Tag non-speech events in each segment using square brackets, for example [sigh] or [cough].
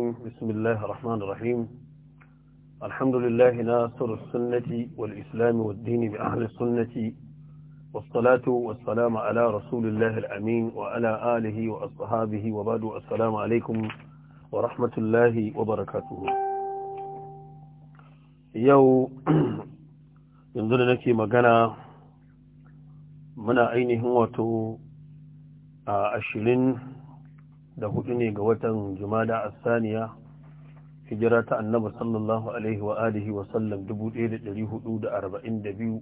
بسم الله الرحمن الرحيم الحمد لله ناصر السنة والإسلام والدين بأهل السنة والصلاة والسلام على رسول الله الأمين وعلى آله وأصحابه وبعد السلام عليكم ورحمة الله وبركاته يو [clears throat] ينظر لك مقنا من هو تو أشلين آه، da hudu ne ga watan jumada asaniya hijira ta annabi sallallahu alaihi wa alihi wa sallam 1442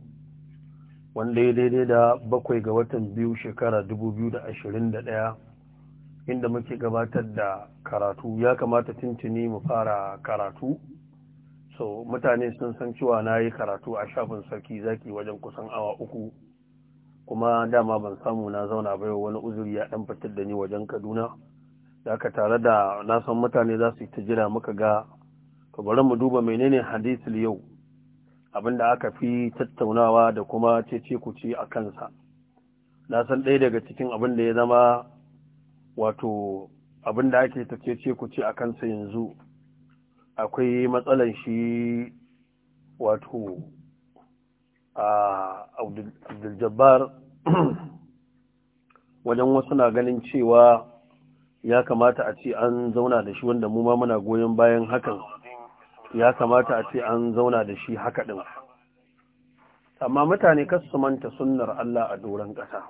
wanda ya daidai da bakwai ga watan biyu shekara 2021 inda muke gabatar da karatu ya kamata tuntuni mu fara karatu so mutane sun san cewa na yi karatu a shafin sarki zaki wajen kusan awa uku kuma dama ban samu na zauna bai wani uzuri ya dan fitar da ni wajen kaduna da aka tare da nasan mutane za su yi ta jira muka ga ka bari mu duba menene hadisul yau abinda aka fi tattaunawa da kuma cece ku ce a kansa na san ɗaya daga cikin abin da ya zama wato abin da ake ta cece ku ce a kansa yanzu akwai matsalan shi wato a abdul jabbar [clears throat] wajen wasu na ganin cewa ya kamata a ce an zauna da shi wanda mu ma muna goyon bayan hakan ya kamata a ce an zauna da shi haka din. amma mutane kasu manta sunnar Allah a doron ƙasa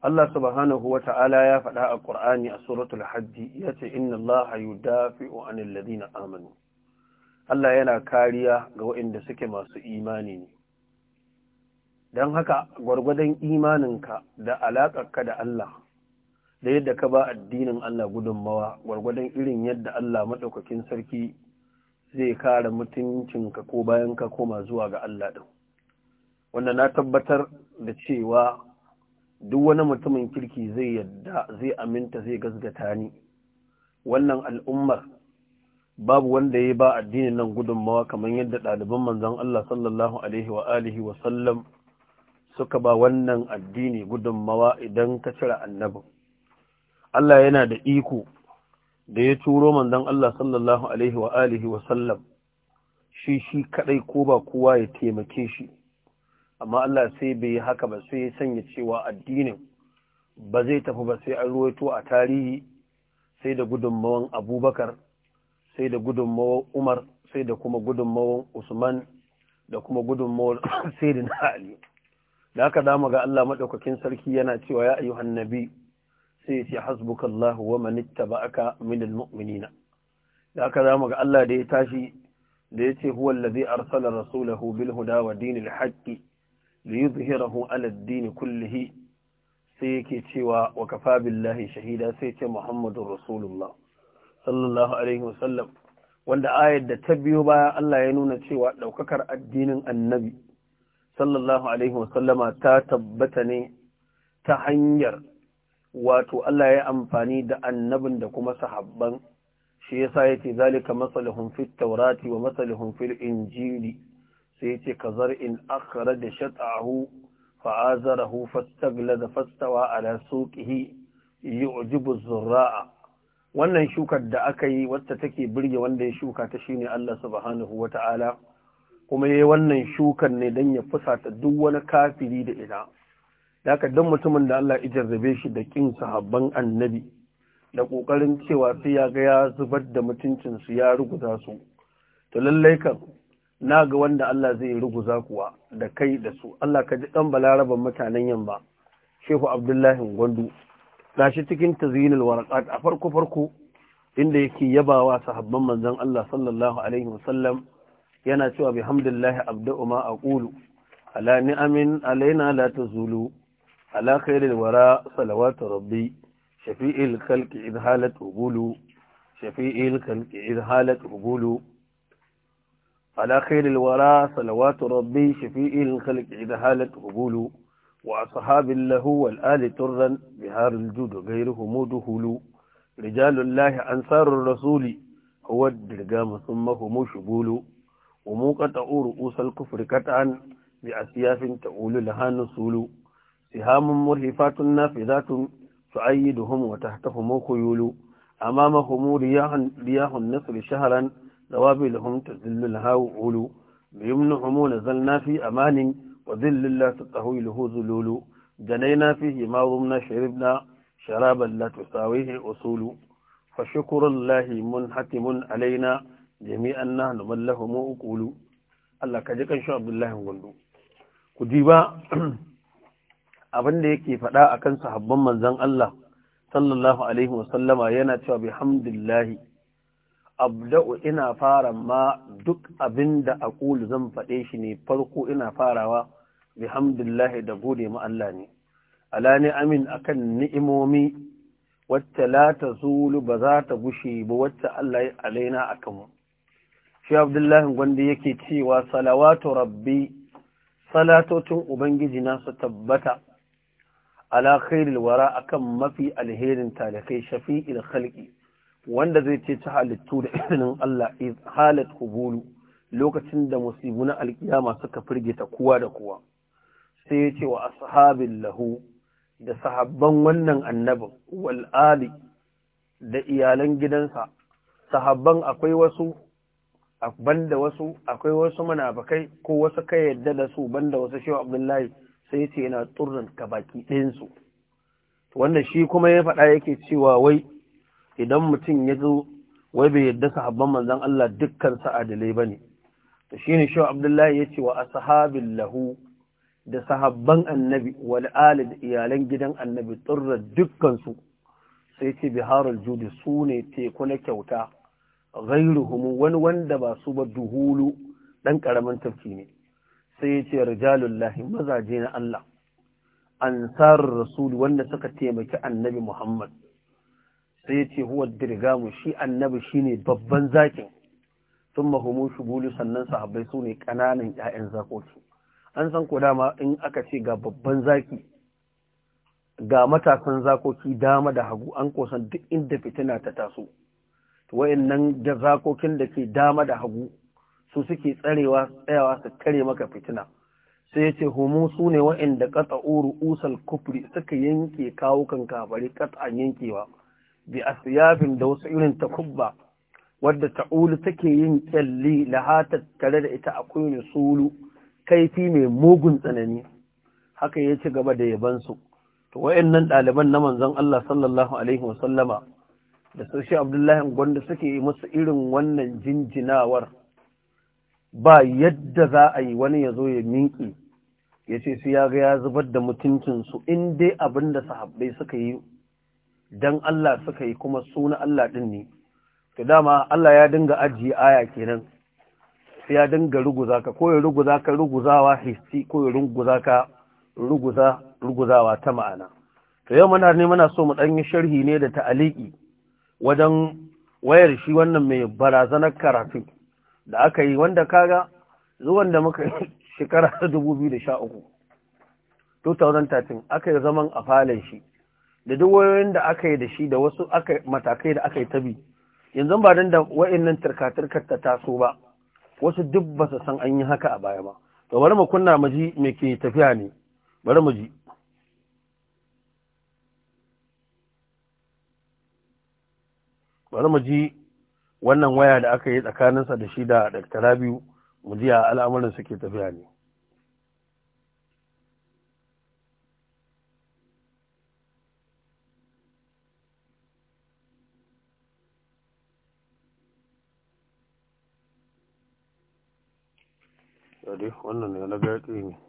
Allah subhanahu wa ta'ala ya faɗa a ƙur'ani a suratul hajji ya ce inna Allah yudafi'u anil ladina amanu Allah yana kariya ga waɗanda suke masu imani ne dan haka gwargwadon imaninka da ka da Allah da yadda ka ba addinin Allah gudunmawa gwargwadon irin yadda Allah maɗaukakin sarki zai kare mutuncinka ko bayan ka koma zuwa ga Allah ɗin. Wanda na tabbatar da cewa duk wani mutumin kirki zai yadda zai aminta zai gasgata ni. Wannan al'ummar babu wanda ya ba addinin nan gudunmawa kamar yadda ɗaliban manzon Allah sallallahu Alaihi wa alihi wa sallam suka ba wannan addini gudunmawa idan ka cire annabin. Allah yana da iko da ya turo manzon Allah sallallahu alaihi wa alihi wa shi shi kadai ko ba kowa ya taimake shi amma Allah sai bai yi haka ba sai ya sanya cewa addinin ba zai tafi ba sai an ruwaito a tarihi sai da gudunmawan Abubakar sai da gudunmawan Umar sai da kuma gudunmawan Usman da kuma gudunmawar [coughs] Sayyidina Ali da haka zamu ga Allah madaukakin sarki yana cewa ya ayyuhan nabi sai ce hasbukallahu wa man ittaba'aka min almu'minina da haka zamu ga Allah da ya tashi da yace huwa allazi arsala rasulahu bil huda wa dinil haqqi liyuzhirahu ala ad-din kullihi sai yake cewa wa kafa billahi shahida sai ce muhammadur rasulullah sallallahu alaihi sallam wanda ayar da ta biyo baya Allah ya nuna cewa daukakar addinin annabi sallallahu alaihi wasallama ta tabbata ne ta hanyar wato Allah ya amfani da annabin da kuma sahabban shi yasa yace zalika masalihun fit taurati wa masalihun fil injili sai yace kazar in akhraja shat'ahu fa'azarahu da fastawa ala suqihi yu'jibu zurraa wannan shukar da aka yi wacce take birge wanda ya shuka ta shine Allah subhanahu wata'ala kuma yayi wannan shukar ne dan ya fusata duk wani kafiri da ina da don mutumin da Allah ya zabe shi da kin sahabban annabi da ƙoƙarin cewa sai ya ga ya zubar da mutuncinsu ya ruguza su to lallai kan na ga wanda Allah zai ruguza kuwa da kai da su Allah ka ji dan balaraban mutanen yamma Shehu Abdullahi Gwandu gashi cikin tazyinul warqat a farko farko inda yake yabawa sahabban manzon Allah sallallahu alaihi wasallam yana cewa bihamdillahi abda'u ma aqulu ala ni'amin alaina la tazulu على خير الوراء صلوات ربي شفيء الخلق إذ هالت أبولو شفيء الخلق إذ هالت أبولو على خير الوراء صلوات ربي شفيء الخلق إذ هالت أبولو وأصحاب الله والآل ترا بهار الجود غيرهم دهول رجال الله أنصار الرسول هو الدرقام ثم هم شبول وموقع رؤوس الكفر قطعا بأسياف تقول لها نصولو سهام مرهفات نافذات تؤيدهم وتحتهم خيول أمامهم رياح, رياح النصر شهرا ذوابلهم تذل الهاول بيمنهم نزلنا في أمان وذل لا تطهوي له ذلول جنينا فيه ما ضمنا شربنا شرابا لا تساويه أصول فشكر الله منحتم علينا جميعا نحن من لهم أقول الله كجكن شعب الله ونقول كديبا abin da yake faɗa akan sahabban manzan Allah sallallahu alaihi wasallama yana cewa bihamdillahi abda'u ina fara ma duk abin da ƙulu zan faɗe shi ne farko ina farawa bihamdillahi da gode ma Allah ne ala amin akan ni'imomi wacce la tazulu ba za ta gushe ba wacce Allah ya alaina akan mu shi abdullahi gwanda yake cewa salawatu rabbi salatocin ubangiji na su tabbata ala khairil wara akan mafi alherin talakai shafi'il khalqi wanda zai ce ta halittu da izinin Allah iz halat hubulu lokacin da musibu na alkiyama suka firgita kuwa da kuwa sai ya ce wa ashabin lahu da sahabban wannan annabin wal ali da iyalan gidansa sahabban akwai wasu banda wasu akwai wasu munafikai ko wasu kai yadda da su banda wasu shehu abdullahi sai ce yana turran ka baki ɗayansu wanda shi kuma ya faɗa yake cewa wai idan mutum ya zo wai bai yadda sahabban manzan Allah dukkan sa'adilai ba ne ta shi ne Abdullahi ya ce wa asahabin lahu da sahabban annabi wal ali da iyalan gidan annabi turra dukkansu sai ce biharul judi su ne teku na kyauta ghairuhum wani wanda ba su ba duhulu ɗan ƙaramin tafki ne sai ya ce rijalullahi mazaje na Allah ansarar rasul wanda suka taimaki annabi Muhammad sai ya ce huwa dirgamu shi annabi shine babban zakin sun humu shubulu sannan sahabbai sune ne ƙananan ‘ya'yan zakoki an san ko dama in aka ce ga babban zaki ga matasan zakoki dama da hagu an kosan duk inda fitina ta taso to nan da zakokin da ke dama da hagu su suke tsarewa tsayawa su kare maka fitina sai ya ce homo su ne wa'inda katsa uru usal kufri suka yanke kawo kan kafari an yankewa bi asiyafin da wasu irin ta kubba. wadda ta'ulu take yin kyalli lahata tare da ita akwai sulu kaifi mai mugun tsanani haka ya ci gaba da yabansu to wayannan ɗaliban na manzon Allah sallallahu alaihi wasallama da sashi Abdullahi gwanda suke yi musu irin wannan jinjinawar ba yadda za a yi wani ya zo ya minki ya ce su ya ga ya zubar da mutuncinsu in dai abin da sahabbai suka yi don Allah suka yi kuma suna Allah ɗin ne, to dama Allah ya dinga ajiye aya kenan, sai ya dinga ruguza ka, ko ya ruguza ka ruguzawa hissi ko ya ruguza ka ruguza ruguzawa ta ma'ana. To yau muna ne muna so mu ɗan yi sharhi ne da ta'aliki wajen wayar shi wannan mai barazanar karatu. da aka yi wanda kaga zuwan da muka [laughs] shekara ta 2013 2013 aka yi zaman a falon shi da duk wayoyin da aka yi da shi da wasu matakai da aka yi tabi yanzu ba don da wa'annan turka ta taso ba wasu duk ba su san an yi haka a baya ba to bari mu kunna mu ji me ke tafiya ne bari mu ji bari mu ji wannan waya da aka yi tsakaninsa da shi da Dr. biyu mu ji a al'amuran suke tafiya ne wannan ne na ne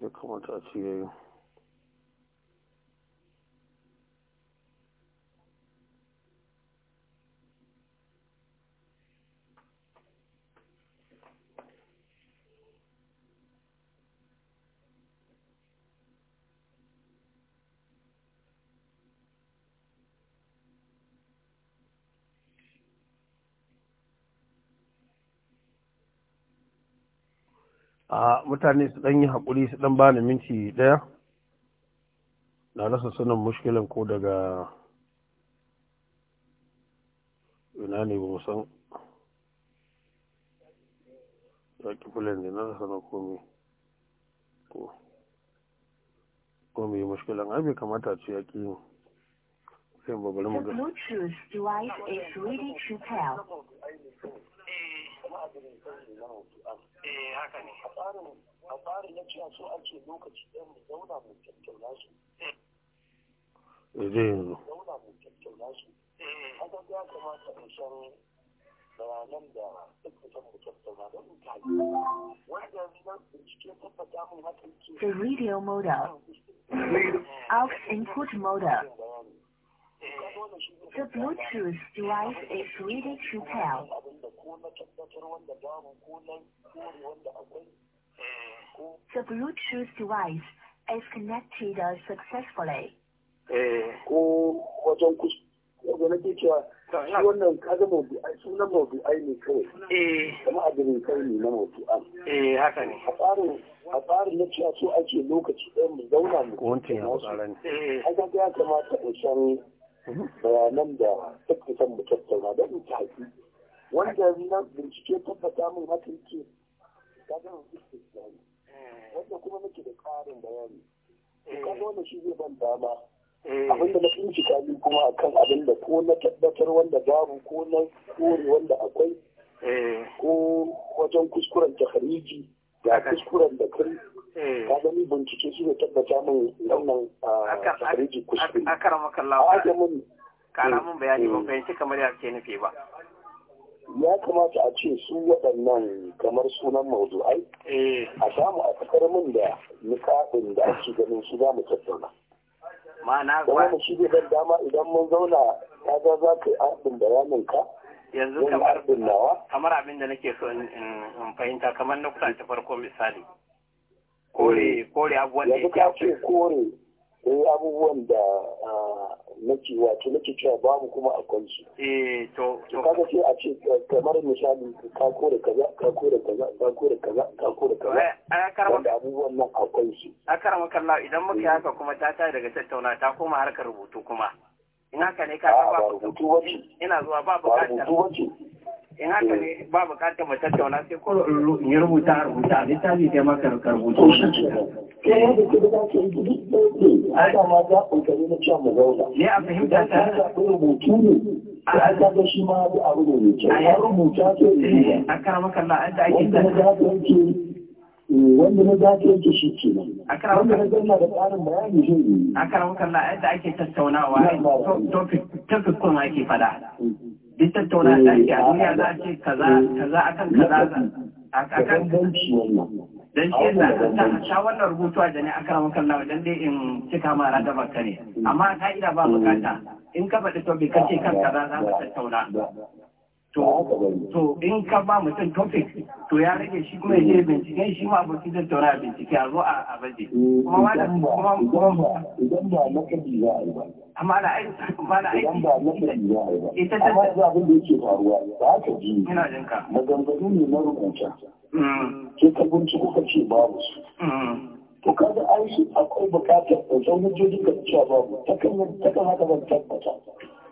your core touch you. a mutane su ɗan yi haƙuri su ɗan bani minti ɗaya na rasa sanin mushkilan ko daga ina ne ba san yaƙi fulan ne na rasa na komi ko komi mushkilan ai bai kamata ce yaƙi yin sai ba mu ga kuma sai ne na wasu an eh haka ne a tsarin a tsarin na cewa so ake lokaci ɗan mu zauna mu tattauna su eh. zai yanzu zauna mu tattauna su eh. haka ya kamata mu san bayanan da suka san mu tattauna don mu kaji wanda na bincike tabbata mun haka yake the radio mode eh. out input mode The Bluetooth device is ready to pair. The Bluetooth device is connected successfully. a jirin kai tsarin a tsarin na cewa so ake lokaci ɗaya mu zauna mu wancan ya tsara ne eh haka ya kamata in san bayanan da suka san mu tattauna da mu tafi wanda na bincike tabbata min haka yake ka ga istisnai wanda kuma nake da tsarin bayani ka ga wannan shi zai ban dama eh. abin da na bincika ni kuma akan abin da ko na tabbatar wanda babu ko na kore wanda akwai eh. ko wajen kuskuren tahriji da kuskuren da kai Eh. ka gani bincike shi ne tabbata min wannan safariji ah, kuskure a karama kallawa a gamin kara mun bayani ban eh. fahimci kamar ya ke nufi ba ya kamata a ce su waɗannan kamar sunan ai. Eh. a samu a fitar min da nikaɗin da ake ganin su za mu tattauna ma'ana ba wani shi ne ban dama idan mun zauna ya ga za ka yi arbin bayanin ka yanzu kamar abin da nake so in fahimta kamar na ta farko misali kore eh, kore abubuwan da ya ce kore eh, abubuwan da nake wato nake cewa babu kuma akwai su eh to to kaga sai a ce kamar misali ka kore kaza ka kore kaza ka kore kaza ka kore kaza eh, a karama da abubuwan nan akwai su a karama kalla idan muka haka kuma ta tashi daga tattauna ta koma harkar rubutu kuma in haka ne ka ba rubutu wace ina zuwa ba bukatar in haka ne ba bukatar mu tattauna sai ko in yi rubuta rubuta littafi kai maka ka rubuta ne a fahimta ta rubutu ne a kaga shi ma da abu da mai kyau a yan rubuta ke eh, ne a kara maka na an da ake da na wanda na zafi yake shi ke nan wanda na zanna da tsarin bayani shi ne a kara maka na an da ake tattaunawa topic kuma ake fada duk tattauna ta ke a duniya za a ce kaza akan kaza akan dan shi yasa ta sha wannan rubutuwa da ne aka maka Allah dan dai in cika ma radabar ka ne amma ka'ida ba bukata in ka faɗi topic ce kan kaza za ka tattauna to to in ka ba mutum topic to ya rage shi kuma ya je binciken shi ma abokin tattauna bincike a zo a baje kuma ma da kuma idan ba makabi za a yi ba amma da aiki ba da aiki ba na ya ba amma da abin da yake faruwa ba ka ji ina maganganu ne na rubuta mm. ke ka binciko ce babu su mm. to kaga ai shi akwai bukatar ɗaukan hujjoji ka cewa babu ta kan ta kan haka ban tabbata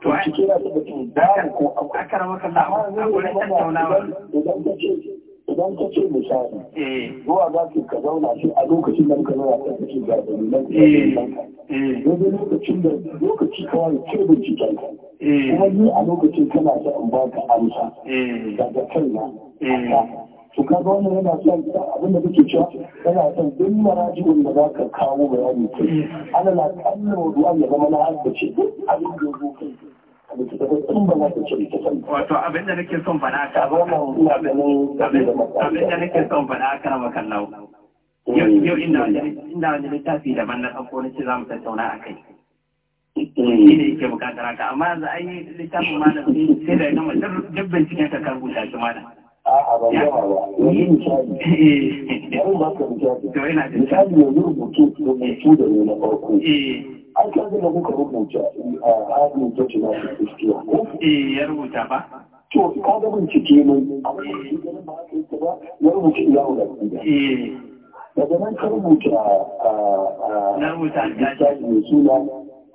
to ai cikin da mutum babu ko akwai akara tattaunawa idan ka ce idan ka ce misali zuwa eh. za ki ka zauna shi a lokacin da ka zauna ka kace ga dalilan ka yanzu lokacin da lokaci kawai ce binciken ka eh. kuma ni a lokacin kana da in ba ka amsa eh. daga kaina to kaga wannan yana son abin da kake cewa yana son duk marajiun da za ka kawo bayani kai ana na kallon wa ya zama na haddace duk abin da ya zo kai wato abin da nake son faɗa ka abin da nake son faɗa ka rama kallau yau eh. inda wani littafi daban na ɗauko na ce za mu tattauna a kai eh. shi ne yake bukatar haka amma yanzu an yi littafin ma da sai da gama duk binciken ka kan rubuta shi ma [laughs] eh. da a'a ba yawa ba wani misali bari ba ka misali misali yanzu rubutu rubutu da ne na farko an kaga da muka rubuta a hannun jaji na kristiya ko? eh ya rubuta ba to ka ga bincike mai ke ya rubuta iya eh. daga nan ka rubuta a na rubuta alkashi mai suna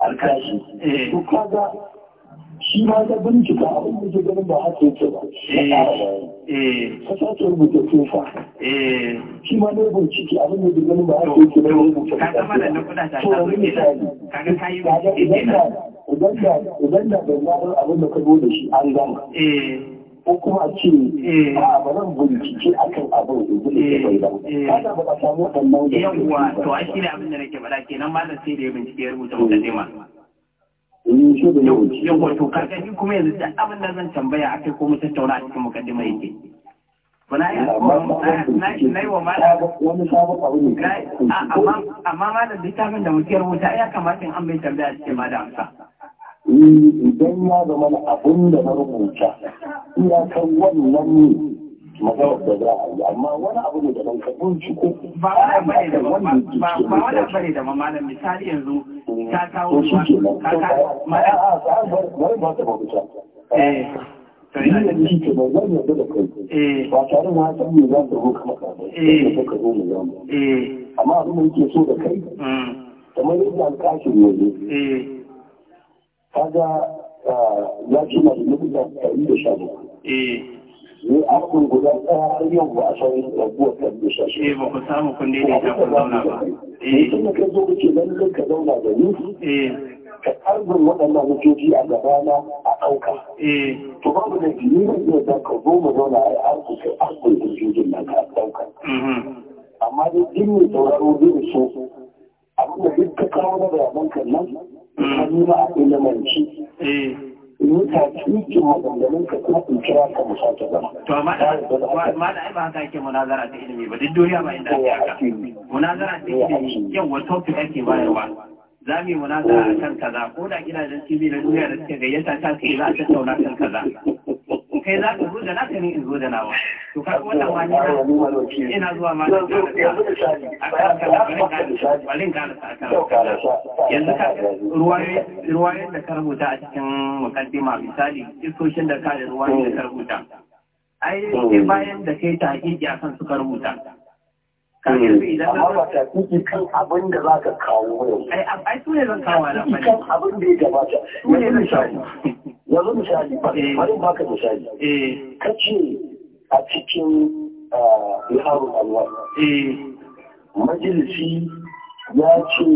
alkashi eh. to kaga shi ma ta bincika abin da ganin ba haka yake ba eh, ta eh. sake rubuta tufa eh. shi ma na bincike abin da ganin ba haka yake ba misali idan da bai zarar abin da ka zo da shi an gama ko kuma ce a ba zan bincike akan abin da zai bai ba kada ba ka samu wannan yawa to a shi ne abin da nake faɗa kenan malam sai da ya bincike ya rubuta ma. in shi da yau yau wato karkashi kuma yanzu duk abin da zan tambaya akai ko mu tattauna a cikin mukaddima yake na yi wa malam amma malam littafin da muke wuta. ya kamata in an bai tambaya cikin ma da amsa eh, idan ya zama abin da na rubuta iyakar wannan ne maganar da za a yi amma wani abu ne da ban ka ciko, ba wani abu ne da ba ne da ba malam misali yanzu ka kawo ruwa ka kawo mara eh, to ina da shi yi, ban zan yarda da kai eh. ba tare na ka eh. ka da kai hmm. kamar yadda alkashin ne eh kaga ah, ya ce na da da ni a kun guda ɗaya har yau ba a sauyin raguwar kan bisa shi. Eh ba ku samu kun daidaita kun zauna ba. Eh. Tun da ka zo kace lallai ka zauna da ni. Eh. Ka ƙarfin waɗannan hujjoji a gaba na a ɗauka. Eh. To babu da ni zan iya da ka zo mu zauna a yi arzu kai arzun hujjojin nan ka ɗauka. Mhm. Amma dai in mai sauraro zai so abin da duk ka kawo na bayanan kan nan. Mhm. Ka nima a ilimanci. Eh. Nuka ka To amma da ai ba haka yake munazara ta ilimi ba duk duniya ba inda ake haka. Munazara ta ilimi yawa topic ake bayarwa. za mu yi munazara a kan kaza ko da gidajen tv na duniya da suke gayyata ta ce za a tattauna kan kaza kai za ka zo da naka ne in zo da nawa to kaga wannan ma ni ina zuwa ma da balin ka da yanzu ka ruwayoyin da ka rubuta a cikin mukaddima misali istoshin da ka da ruwayoyin da ka rubuta ai sai hmm. bayan da kai ta hakiki akan suka rubuta hmm. Amma ta kiki kan abin da za ka kawo yau. Ai, su ne zan kawo da kan abin da ya gabata. Su ne zan shafi. yanzu misali bari eh. baka misali eh. ka ce a cikin ah, yaron alwa eh. majalisi ya ce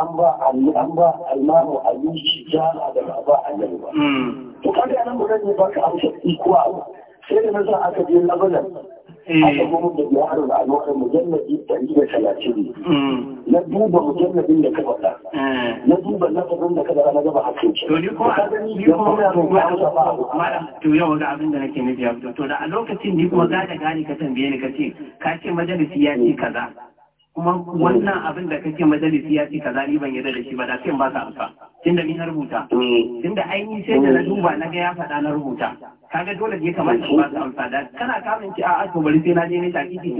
an ba an ba almamu abinci jana da ba ba yau ba hmm. to kaga nan mun ne baka amsa ikuwa sai da nasa aka je labanan Eh. aka zo da yaro da ne hmm. na duba mujallabin da ka faɗa hmm. na duba lafazin da ka na gaba to ni ko a gani ni ko na malam to yau ga abin da nake nufi to da a lokacin ni kuma za ta gane ka tambaye ni ka ce ka ce majalisi ya ce kaza kuma wannan hmm. abin da kake majalisi ya ce kaza ni ban yarda da shi ba da sai ba amsa tunda ni na rubuta tunda ainihin sai da na duba na ga ya faɗa na rubuta kaga dole ne kamar ki ba su amsa kana kamun ki a to bari sai na je ne ta kiki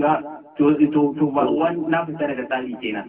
to to to na fita daga tsari kenan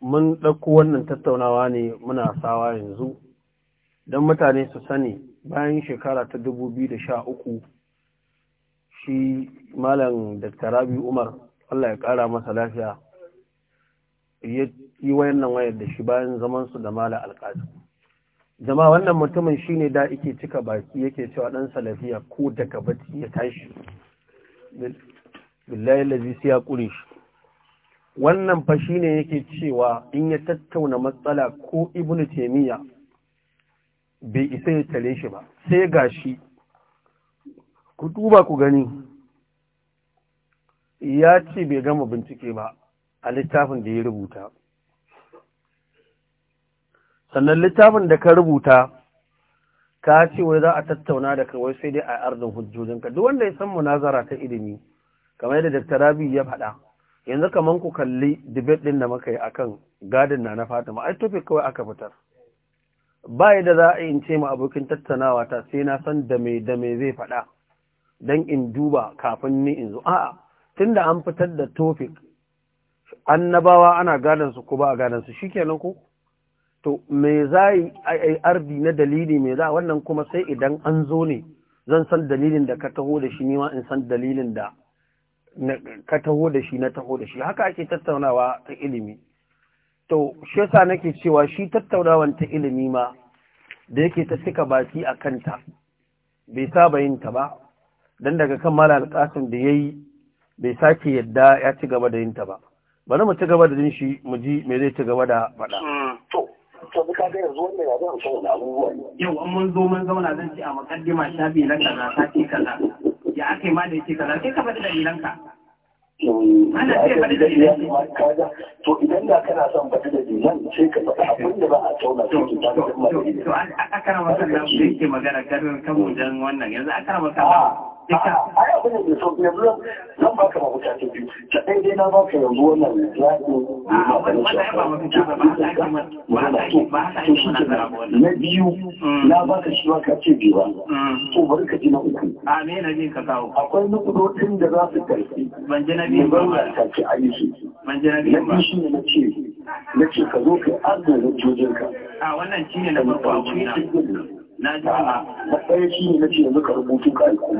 mun ɗauko wannan tattaunawa ne muna sawa yanzu don mutane su sani bayan shekara ta da uku, shi malam dr rabi umar allah ya ƙara masa lafiya ya yi wayannan wayar da shi bayan zamansu da malam alƙazi jama wannan mutumin shi ne da ike cika baki yake cewa ɗan salafiya ko daga bati ya tashi billahi lazi sai ya ƙure shi wannan fa shine yake cewa in ya tattauna matsala ko ibnu taymiya bai isa ya tare shi ba sai gashi ku duba ku gani ya ce bai gama bincike ba a littafin da ya rubuta sannan littafin da ka rubuta ka ce wai za a tattauna da kawai sai dai a ardin hujjojinka duk wanda ya san munazara ta ilimi kamar yadda Dr. Rabi ya faɗa yanzu kaman ku kalli debate din da muka yi akan gadin na na Fatima ai topic kawai aka fitar bai da za a yi ce mu abokin tattaunawa ta sai na san da me da me zai faɗa dan in duba kafin ni in zo a'a tunda an fitar da topic annabawa ana gadin su ko ba a gadin su shikenan ko to me za ai arbi na dalili me za wannan kuma sai idan an zo ne zan san dalilin da ka taho da shi ma in san dalilin da ka taho da shi na taho da shi haka ake tattaunawa ta ilimi to shi yasa nake cewa shi tattaunawan ta ilimi ma da yake ta cika baki a kanta bai saba yin ta ba dan daga kan mala alƙasin da yayi bai sake yadda ya ci gaba da yin ta ba bari mu ci gaba da jin shi mu ji me zai ci gaba da faɗa hmm, to to duka ga yanzu wannan ya zan so abubuwa yau an mun zo mun zauna zan ci a makaddima shafi na kaza sati kaza ya ake ma da yake kaza sai ka faɗi dalilanka mm, ana sai faɗi dalilanka to idan da kana son faɗi dalilan sai ka faɗi abin da ba a tauna sai ki ta faɗi to akara da magana kan kan wajen wannan yanzu akara masa ai zan ta biyu dai na baka yanzu wannan yaƙi na biyu na baka shi baka ce biyu ba bari ka ji na uku amin na ka kawo akwai nukudodin da za su karfi ban ji na biyu ba ba ban ji na biyu ba shi ne na ce na ce ka zo ka yi arzikin jojinka a wannan shi ne na farko a na ji wannan na ɗaya shi ne na ce yanzu ka rubutu ka aiko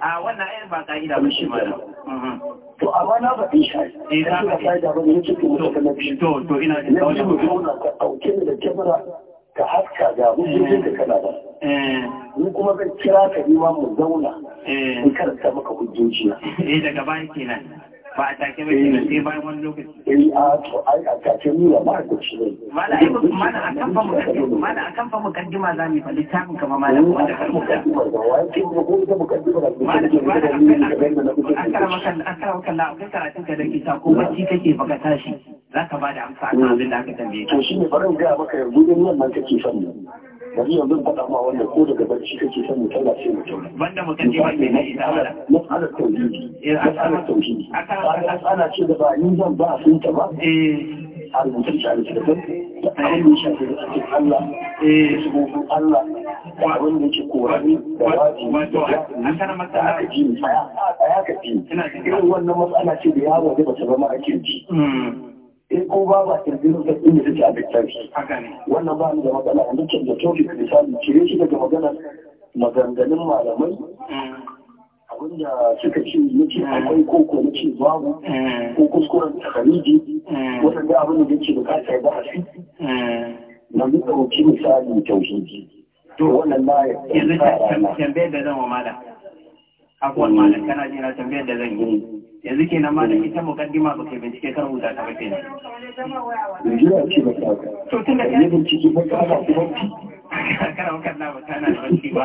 a wannan ayan ba ka ka'ida ba shi ma mhm. to amma na faɗi shi eh na faɗi da ba ne ce to to to ina da kawai mutum ka ɗauke da kyamara ka haska ga mutum da kana ba eh. ni kuma zan kira ka ni ma mu zauna eh. in karanta maka hujjoji na [laughs] eh daga baya kenan ba a take mai sai bayan wani lokaci. Eh a to ai a ba da a ne. Mala ai mala akan mu littafin kama mala wanda har mukaddima da wai ke mu ko ta mukaddima da mala maka karatun ka da ke ta ko bacci kake baka tashi za ka ba da amsa akan abin da aka tambaye ka. maka yanzu nan son yanzu yanzu faɗa ma wanda ko daga barci kake son mutum ba sai mutum banda mutum ne wanda ne ina ala mas'alar tauhidi eh, mas'alar tauhidi ana ce da ba ni zan ba sun ta ba eh. a rubutun shi a littattafai da abin da ya shafi eh. da cikin Allah da shugaban Allah da abin da yake korami da wajibi da da aka ji a tsaya ka ji irin wannan matsala ce da yawo da ba ta zama ake ji in ko ba ba kirkirin ka inda suke a littafi wannan ba ni da matsala yanzu canza topic misali cire shi daga maganar maganganun malamai hmm. Abin da suka ce na hmm. akwai ko na ce babu hmm. ko kuskuren takariji wadanda abin da ke bukatar ba a fi na bi ɗauki misali tauhidi to wannan na ya yanzu tambayar da zan wa malam akwai malam kana jina tambayar da zan yi yanzu ke na malam ita mukaddima ba kai bincike kan rubuta ta ba ke nan. Najeriya ce ba ta ka. To tun da ya bincike ba ka ba ku ba. Kana na ba kana da ba.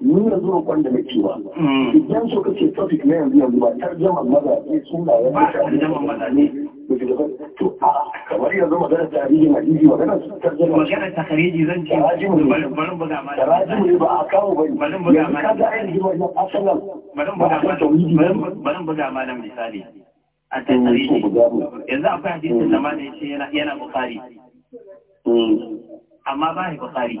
nuna zuwa da na ba hmm. idan so kace topic na yanzu yanzu ba tarjaman maza ne suna ya ba tarjaman maza ne to a kamar yanzu magana tarihi na iji magana tarjaman magana takariji zan ce barin buga ma tarajimu ne ba a kawo bane barin buga ma kaga ai ji ba asalan barin buga ma barin buga ma misali a hmm, takariji yanzu akwai hadisin da hmm. ma ne yana yana bukari amma ba shi bukari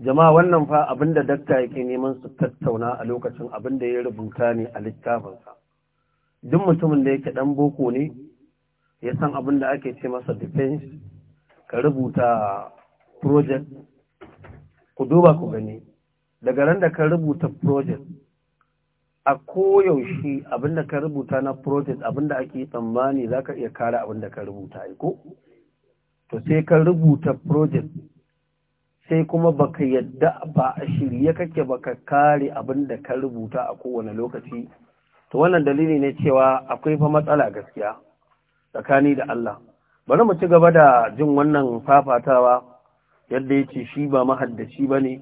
jama'a wannan fa abinda dakta yake neman su tattauna a lokacin abinda ya rubuta ne a littafinsa duk mutumin da yake dan boko ne ya san abinda ake ce masa defense ka rubuta project ku duba ku gani daga ran da ka rubuta project a koyaushe abinda ka rubuta na project da ake tsammani za ka iya kare abinda ka rubuta ko to sai ka rubuta project sai kuma baka yadda ba a shirye kake baka kare abin da ka rubuta a kowane lokaci to wannan dalili ne cewa akwai fa matsala gaskiya tsakani da Allah bari mu ci gaba da jin wannan fafatawa yadda yace shi ba mahaddaci bane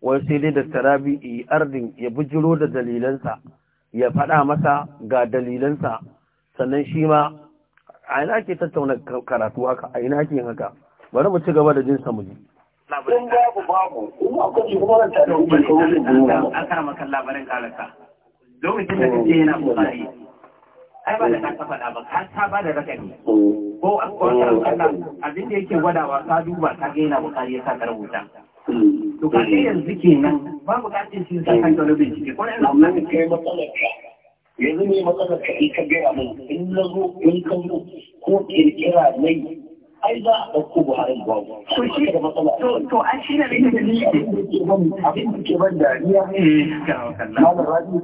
wai sai dai da tarabi ardin ya bujiro da dalilansa ya faɗa masa ga dalilansa sannan shi ma a ina ke tattauna karatu haka a ina ke haka bari mu ci gaba da jin samuji in babu babu in akwai kuma ran tare da kuma an kara maka labarin karasa lokacin da kace yana bukari ai ba da ka da ba ka ta ba da ne. ko a kwatar kallon abin da yake gwadawa ka duba ka ga yana bukari ya sa ka rubuta to ka ga yanzu kenan ba bukatun shi sai kan dole bincike ko ina mun kai matsalar yanzu ne matsalar ka in ka gaya mun in na zo in ka ko kirkira mai ai za a ɗauko buharin babu to shi da matsala to an shi na ne ni abin da ke ban dariya eh, rabi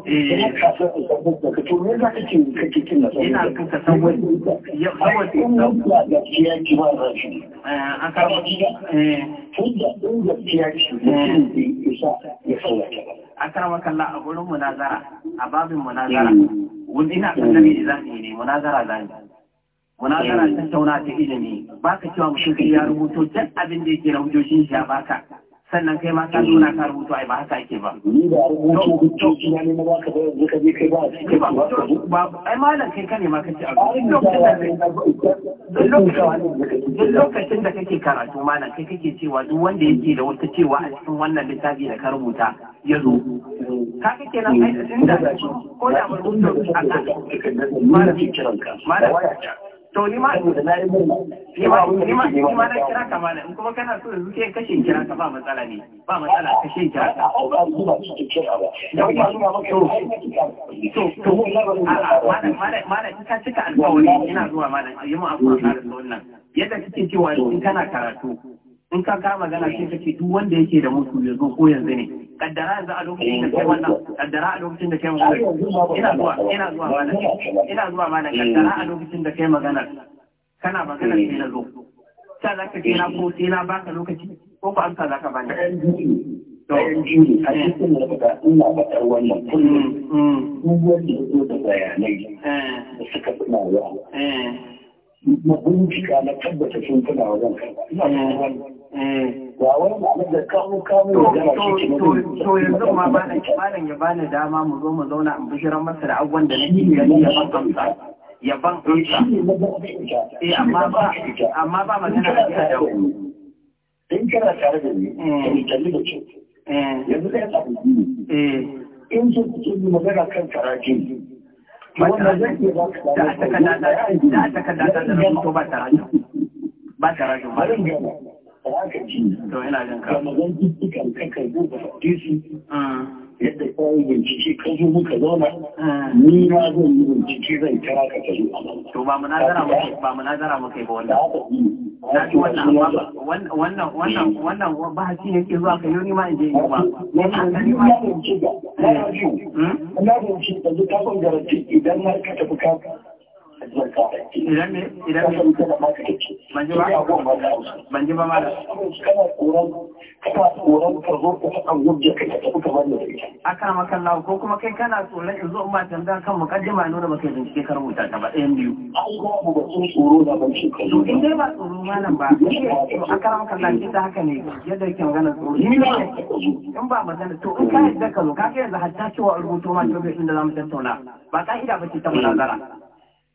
eh. ina da ka to me za ka ce kin na ina san wani ya kawai da ki a kama tun da ki isa ya a gurin munazara a babin munazara eh. ina zan yi munazara zan yi. wana kana tattauna ta ilimi baka cewa mutum ya rubuto duk abin da yake rahotoshin shi ba baka sannan kai ma ka nuna ka rubuto ai ba haka ake ba ni da rubuto ina ne ma baka da ka je kai ba shi ba ba ai malam kai kane ma kace a lokacin da kake karatu malam kai kake cewa duk wanda yake da wata cewa a cikin wannan littafi da ka rubuta ya zo ka kake nan ai da ko da rubuto a kan malami kiranka malami to ni ma da ni ma ni ma ni ma na kira ka malam kuma kana so yanzu kai kashe kira ka ba matsala ne ba matsala kashe kira ka ba zuwa cikin kira ba dan ba zuwa maka to to malam malam malam in ka cika alƙawari ina zuwa malam yi mu afuwa ka da wannan yadda kike cewa in kana karatu in ka kama magana sai kake duk wanda yake da mutu ya zo ko yanzu ne kaddara yanzu a lokacin da kai wannan kaddara a lokacin da kai magana ina zuwa ina zuwa mana ina zuwa mana eh. kaddara a lokacin da kai magana kana magana eh. sai na zo sai za ka ce na ko sai na baka lokaci ko ba sa za ka bani to a cikin da ina faɗar wannan kullum mm, mm. duk wanda ya zo da bayanai eh. suka fi nawa na bincika na tabbata sun fi nawa zan ina ba ya to ya bani dama mu zo mu zauna in bishira masa da abubuwan da nake yi ya ban ya ban amsa eh, eh amma ba amma ba magana da ya in kana tare da ni eh. in eh. eh in so kuke magana kan karaje wannan zai ke ba da ta kada da ta kada da rubuto ba ba tarajo ba to ina jin ka magan dukkan kakan duba hadisi yadda ka yi bincike ka zo muka zauna ah. ni na zan yi bincike zai kira ka ka zo to ba mu nazara muke ba mu nazara muke ba wannan na ji wannan wannan wannan wannan ba haƙi yake zuwa ka yoni ma in je yi ba ne an gani ma na ji na ji hmm? ka zo ka son garanti idan har ka tafi ka idan ne idan ne ban ji ba ban ji ba ma da kana tsoron kana tsoron ka zo ka faɗa gurje ka tafi ka bani da ita aka maka lawo ko kuma kai kana tsoron in zo in ba tambaya kan mukaddima nuna baka bincike ka rubuta ta ba ɗayan biyu ai ba ba sun tsoro da ban shi ka in dai ba tsoro malam ba an kara maka lawo ita haka ne yadda yake magana tsoro Ni in ba magana to in ka yadda ka zo ka ga yanzu hatta cewa rubuto ma to bai inda zamu tattauna ba ka'ida ba ce ta munazara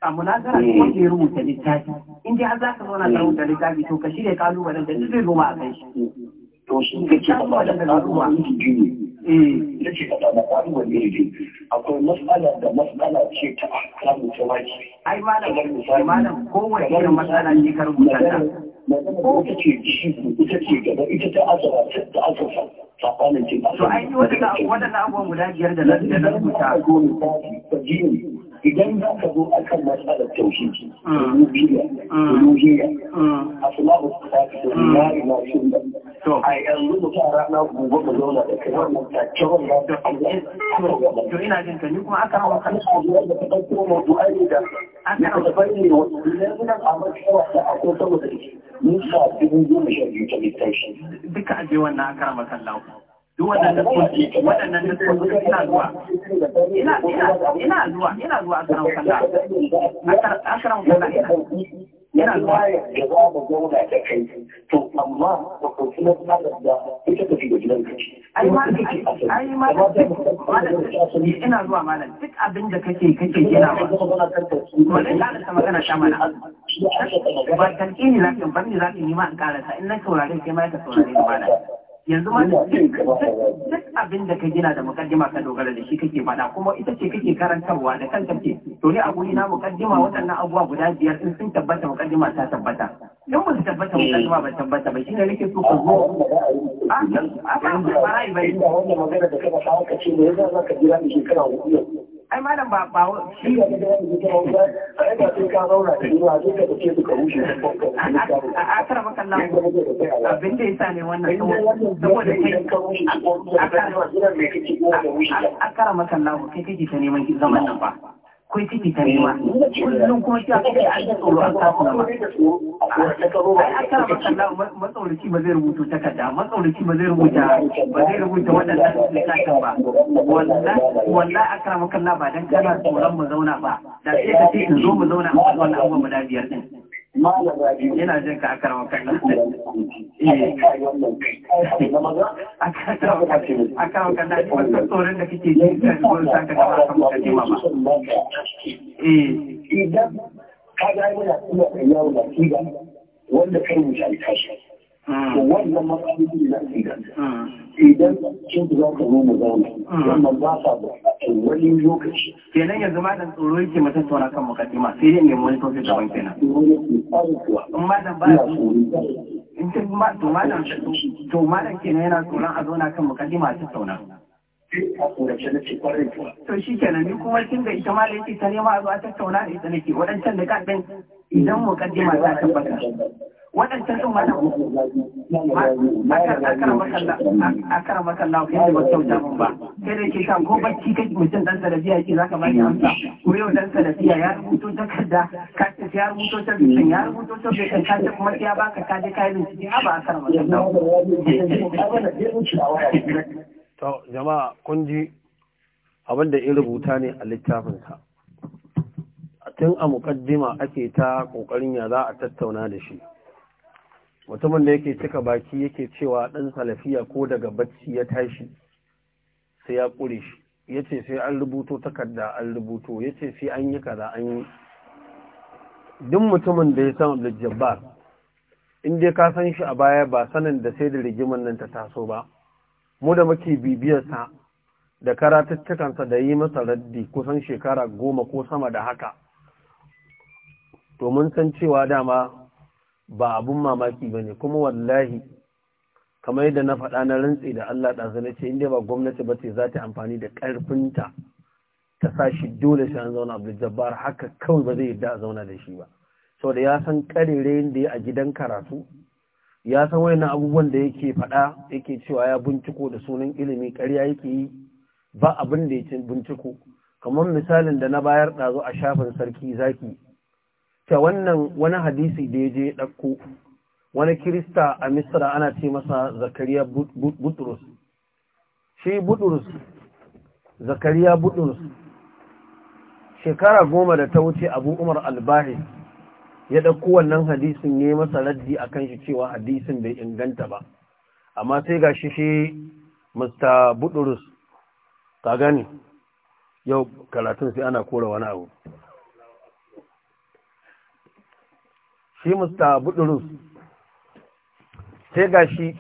a munazara ne wanda ya rubuta littafi in dai har za ka zauna ka rubuta littafi to ka shirya kalubalen da zai zo a kan shi to shi ka ce ba da kalubalen da zai ne eh. da ce kada da kalubalen da zai akwai matsala da matsala ce ta akamu ta waje ai malam malam kowace irin matsala ne ka rubuta ta ko ka ce shi ita ce gaba ita ta azaba ta ta azaba sabanin ce ba to ai wadanda abubuwan guda biyar da na rubuta ko ta ji idan za ka zo a kan matsalar taushiki rubiya rubiya ta fi da nari na shin da a yanzu da ta rana gobe ka zauna da kai wannan takkewar ya ta Allah to ina jin ka ni kuma aka hawa kan su da ta dauko mu ne da aka da bani da wasu laluna a matsalar da akwai saboda Mun sa dubu goma sha biyu ta littafi duka aje wannan aka rama kan lafiya duk waɗannan nufofi waɗannan ina zuwa ina ina zuwa ina zuwa ina zuwa malam ta ina zuwa duk abin da kake kake gina ba kuma ta magana ta mana ba kan ini lakin bar ni lakin ni ma an in na saurari sai ma ka saurari ni yanzu ma duk abin da ka gina da mukaddima ka dogara da shi kake faɗa kuma ita ce kake karantarwa da kanta ce to ne a guri na mukaddima waɗannan abubuwa guda biyar in sun tabbata mukaddima ta tabbata in ba su tabbata eh. mukaddima ba tabbata ba shine nake so ka zo a ah, ah, a ba ba ba ba ba ba ba ba ba ba ba ba ba ba ba ba ba ba ba ai malam ba ba shi da ga da ai ba sai ka zauna da ruwa sai ka tafi duka rushe a kar maka Allah abin da yasa ne wannan saboda kai a kar maka Allah kai kake ta neman zaman nan ba kun ciki ta rewa kullum kuma shi aka yi aiki tsoro an kasu na ba matsaurici ba zai rubuta takarda matsaurici ba zai rubuta ba zai rubuta waɗannan littafin ba wallah a karamakon na ba don kana tsoron mu zauna ba da sai ka ce in zo mu zauna a wannan abubuwan mu da biyar din Yana jin ka akar wakalla. Eh. Akar wakalla ne wata tsoron da kake yi ka gudun sa ka gaba kan kaji mama. Eh. Idan ka ga yana iya yawon da wanda kai wuce alkashi. Hmm. wannan matsaloli na idan hmm. idan kin za ka zo mu zauna wannan hmm. ba sa da wani lokaci kenan yanzu ma dan tsoro yake mata tattauna kan mukaddima sai dai nemi wani tofi daban kenan in ma dan ba in ce ma to ma dan to ma dan kenan yana tsoron a zauna kan mukaddima a tattauna eh, to shi kenan ni kuma kin ga ita ma da yake ta nema a zo a tattauna da ita nake waɗancan da ɗin, idan mukaddima ta tabbata waɗancan sun mata a kara makalla kai da wata kyauta mun ba sai da ke kan ko bacci kai mutum dan salafiya yake za ka shi amsa ko yau dan salafiya ya rubuto takarda ka ce ya rubuto ta bisan ya rubuto ta bisan ka kuma ya ba ka kaje kayan bincike a ba a kara makalla to jama'a kun ji abin da in rubuta ne a littafinsa tun a muƙaddima ake ta ƙoƙarin ya za a tattauna da shi mutumin da yake cika baki yake cewa ɗan salafiya ko daga bacci ya tashi sai ya ƙure shi ya ce sai an rubuto takarda an rubuto ya ce sai an yi kaza an yi duk mutumin da ya san abdul-jabbar in dai ka san shi a baya ba sanin da sai da rigimar nan ta taso ba mu da muke bibiyarsa da karatuttukansa da yi masa raddi kusan shekara goma ko sama da haka to mun san cewa dama ba abun mamaki ba ne kuma wallahi kamar yadda na faɗa na rantse da Allah ɗansa na ce inda ba gwamnati ba ce za ta amfani da ƙarfinta ta sa shi dole shi an zauna abu jabbar haka kawai ba zai yadda a zauna da shi ba sau da ya san ƙarerayin da ya a gidan karatu ya san waina abubuwan da yake faɗa yake cewa ya binciko da sunan ilimi ƙarya yake yi ba abin da ya binciko kamar misalin da na bayar ɗazu a shafin sarki zaki ta wannan wani hadisi da ya je ɗakku wani kirista a misra ana ce masa zakariya buturus shi buturus zakariya buturus shekara goma da ta wuce abu umar albahi ya ɗauko wannan hadisin ya yi masa raddi a kan shi cewa hadisin bai inganta ba amma sai ga shi shi mr buturus ka gani yau karatun sai ana kora wani abu shi musta budurus sai ga shi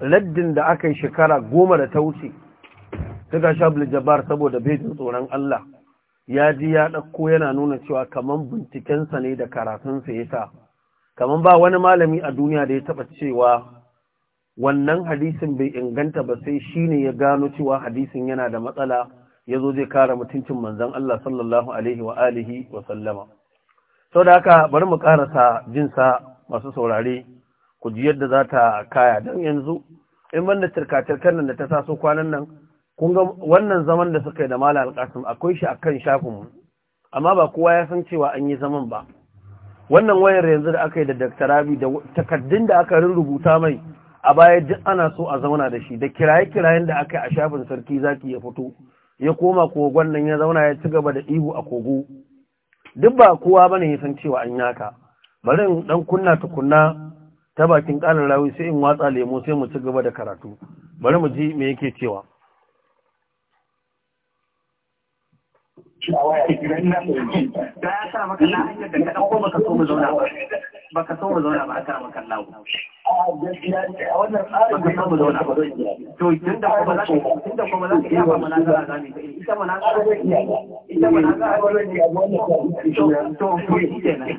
laddin da aka yi shekara goma da ta wuce sai ga shi jabar saboda bejin tsoron Allah ya ji ya ɗauko yana nuna cewa kaman bincikensa ne da karatunsa ya sa kaman ba wani malami a duniya da ya taɓa cewa wannan hadisin bai inganta ba sai shi ne ya gano cewa hadisin yana da matsala ya zo zai kara mutuncin manzan Allah sallallahu alaihi wa alihi wa sallama. sau da haka bari mu karasa jinsa masu saurare ku ji yadda za ta kaya don yanzu in banda turkatarkar nan da ta saso kwanan nan kun ga wannan zaman da suka yi da mala alƙasim akwai shi akan shafinmu amma ba kowa ya san cewa an yi zaman ba wannan wayar yanzu da aka yi da dr rabi da takardun da aka rubuta mai a baya duk ana so a zauna da shi da kiraye-kirayen da aka yi a shafin sarki zaki ya fito ya koma kogon nan ya zauna ya ci gaba da ihu a kogo duk ba kowa bane ya san cewa an yaka bari in dan kunna tukunna ta bakin ƙarin rawi sai in watsa lemu sai mu ci gaba da karatu bari mu ji me yake cewa da ya kara maka na hanyar da ka ɗauko baka so mu zauna ba baka so mu zauna ba a kara maka lawo baka so mu zauna ba to tun da kuma za ka tun da kuma za ka iya ba manazara za mu yi ita manazara ita manazara to to shi kenan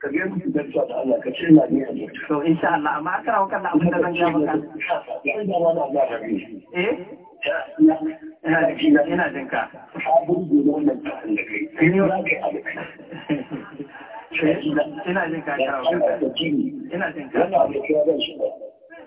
ka ga mutum da Allah ka ce na to insha Allah amma aka rawo kan abin da zan ga maka eh [laughs] ina jin ka ina a ina jin ka ina jin ka ina jin ka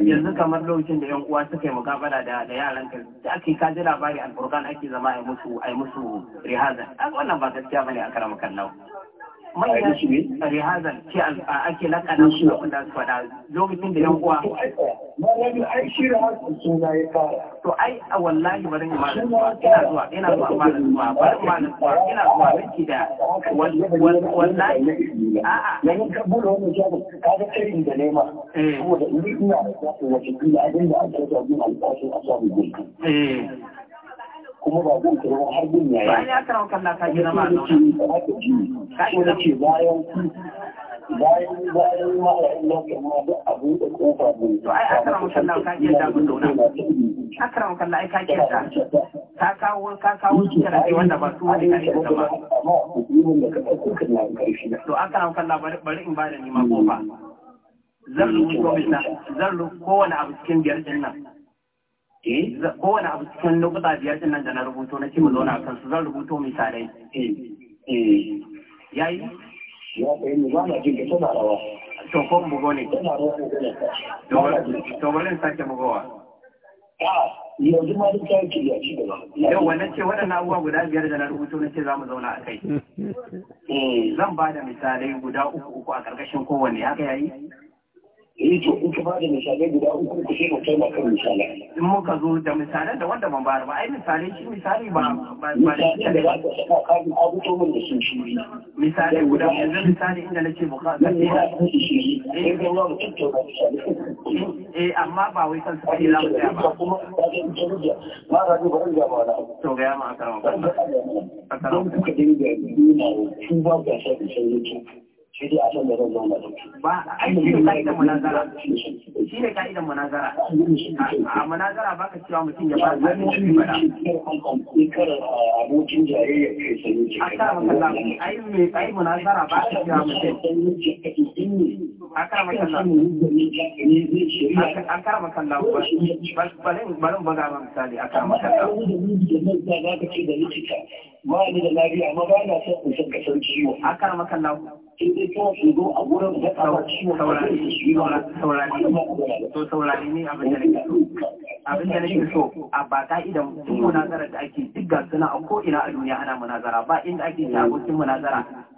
yanzu kamar lokacin da yan uwa suka yi mukabala da da yaran ka da ake ka ji labari alfurkan ake zama ai musu ai musu rihaza wannan ba gaskiya bane a karamakan nau manyan rihazan ce ake lakana su da faɗa lokacin da yan uwa. To ai a wallahi bari malam zuwa ina zuwa ba da zuwa bari malam zuwa ina zuwa miki da wallahi a'a. Yanzu ka ka da nema. Saboda ni ina da ake zuwa asabi kuma ba zan kira har bin ya ka na a yi da abu to ai akara ka akara ka ka kawo ka kawo da ba su wani kare da to akara bari in ba da ni kofa zan rubuto na, zan kowane abu cikin biyar din nan eh kowane abu cikin lokuta biyar din nan da na rubuto na ci mu zauna a kansu zan rubuto misalai eh eh yayi ya kai ni ba na jin da tana rawa to ko mu gone to bari sake bugowa ah, yanzu ma duk kayan kiriya ci gaba yau wannan ce waɗannan abubuwa guda biyar da na rubuto na ce za mu zauna a kai [laughs] eh, zan ba da misalai guda uku uku a ƙarƙashin kowanne haka yayi yi eh to in ka bada misalai guda uku ku sai mu taimaka misalai. In muka zo da misalan da wanda ban bayar ba, ai misalai shi misali ba ba da shi da za ka saka kafin abu to min da sun shi. Misalai guda yanzu misali inda nake buƙata. Zan yi na sun shi. Eh ga wani tattauna misalai. Eh amma ba wai kan su kai lamu da ba. Kuma ba da ita rubuta. Ma ga ni ba zan gama na. To ga ma a karama. Don kuka dinga nuna wa tuba ga sa da sauran sai a san da zan zauna da ba ai shi ne ka'idan munazara shi ne ka'idan munazara a munazara baka cewa mutum ya ba zai mutum ya faɗa kar abokin jayayya kai sanin ce a kar makalla ai me ai ba ka cewa mutum a kar makalla a kar makalla balin balin buga ma misali a kar makalla ba ni da lafiya amma ba na kan in san kasar ciwo a kar makalla in a wurin da ka ciwo saurari saurari ne abin da nake so abin da nake a ba ka'idan munazarar da ake duk ga suna a ko ina a duniya ana munazara ba inda ake a abokin munazara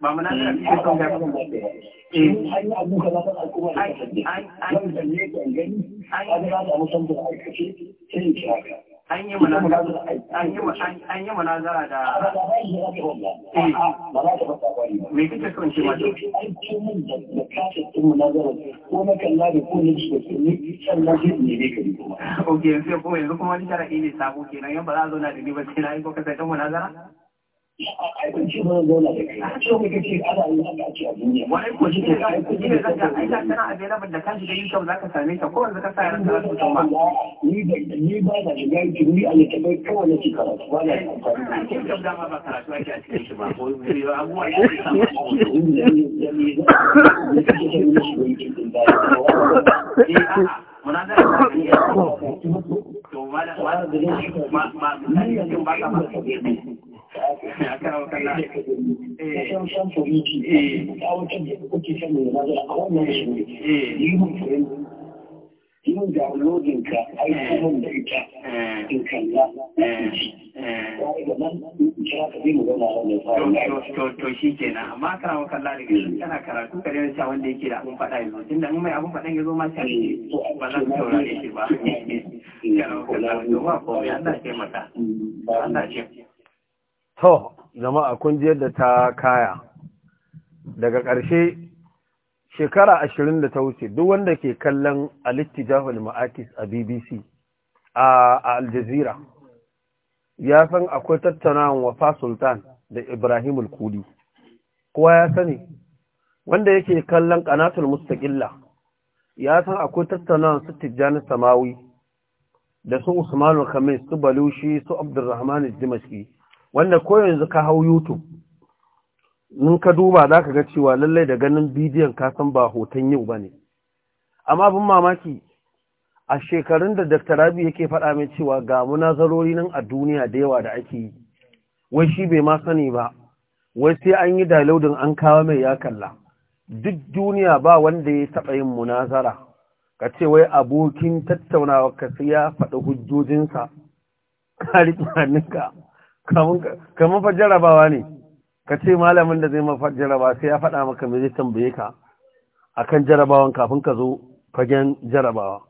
ba mu na da shi kan ga mun da eh an abu kaza ta al'umma ai ai ai da ne ga gani ai an ba da musan da aikace sai ki haka an yi munazara an yi an yi munazara da eh ba za ta fata kwari me kike son ce ma ai ce mun da da kace tun munazara ko na kalla da ko ne da ko ne sannan shi ne ne kai kuma okay yanzu ko yanzu kuma ni tara ne sabo kenan yan ba za a zo na da ni ba sai na yi ko ka sai tun munazara aikun ce zauna da kai ce muka ce ana yi haka a ce duniya wani ko shi ne kai ko shi ne da kana available da ka da YouTube zaka same ta ko wanda ka sa ran karatu to ba ni ba da shiga juri a yake kai kawai ne ci karatu ba da amfani da YouTube da ma ba karatu ake a cikin shi ba ko ni ba abuwa ya ci sama ko ni da ni da ni da ni da ni da ta ne to wala wala da ni ma ma ni ba ka ba a kawo kalla a na a wannan shi ne yi mun furiji yin downloading amma kana wa kalla da kana karatu ka dai wanda yake da abun faɗa yanzu tunda in mai abun faɗan ma ba za ka shi ba kana wa kalla ko ya Allah ce mata Allah ce to jama'a kun da yadda ta kaya daga ƙarshe shekara ashirin da ta wuce duk wanda ke kallon alittijahul ma'akis a bbc a aljazira ya san akwai tattaunawan wafa sultan da ibrahim kudi kowa ya sani wanda yake kallon kanatul mustaqilla ya san akwai tattaunawan su tijjani samawi da su Usmanu Kamis, su balushi su abdurrahman dimashki wanda ko yanzu ka hau YouTube in ka duba za ka ga cewa lallai da ganin bidiyon ka san ba hoton yau ba ne amma abin mamaki a shekarun da Dr. Rabi yake faɗa mai cewa ga munazarori nan a duniya da yawa da ake yi wai shi bai ma sani ba wai sai an yi dalaudin an kawo mai ya kalla duk duniya ba wanda ya taɓa yin munazara ka ce wai abokin tattaunawa ka sai ya faɗi hujjojinsa Ka riƙe hannunka kamun fa jarabawa ne ka ce malamin da zai mafa jaraba sai ya faɗa maka mai zai tambaye ka akan jarabawan kafin ka zo fagen jarabawa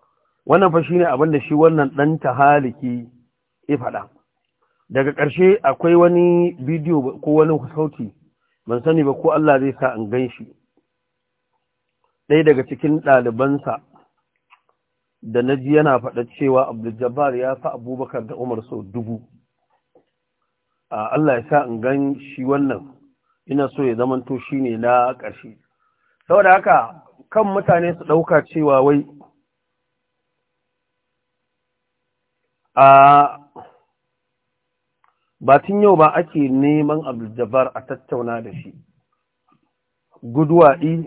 wannan fa shine abin da shi wannan ɗan ta ke ya faɗa daga ƙarshe akwai wani bidiyo ko wani sauti ban sani ba ko Allah zai sa in gan shi ɗaya daga cikin ɗalibansa da na ji yana faɗa cewa abdul jabbar ya fi abubakar da umar sau dubu Allah ya sa in gan shi wannan ina so ya zamanto shi ne na ƙarshe saboda haka kan mutane su ɗauka cewa wai a batun yau ba ake neman abdulljabbar a tattauna da shi Guduwaɗi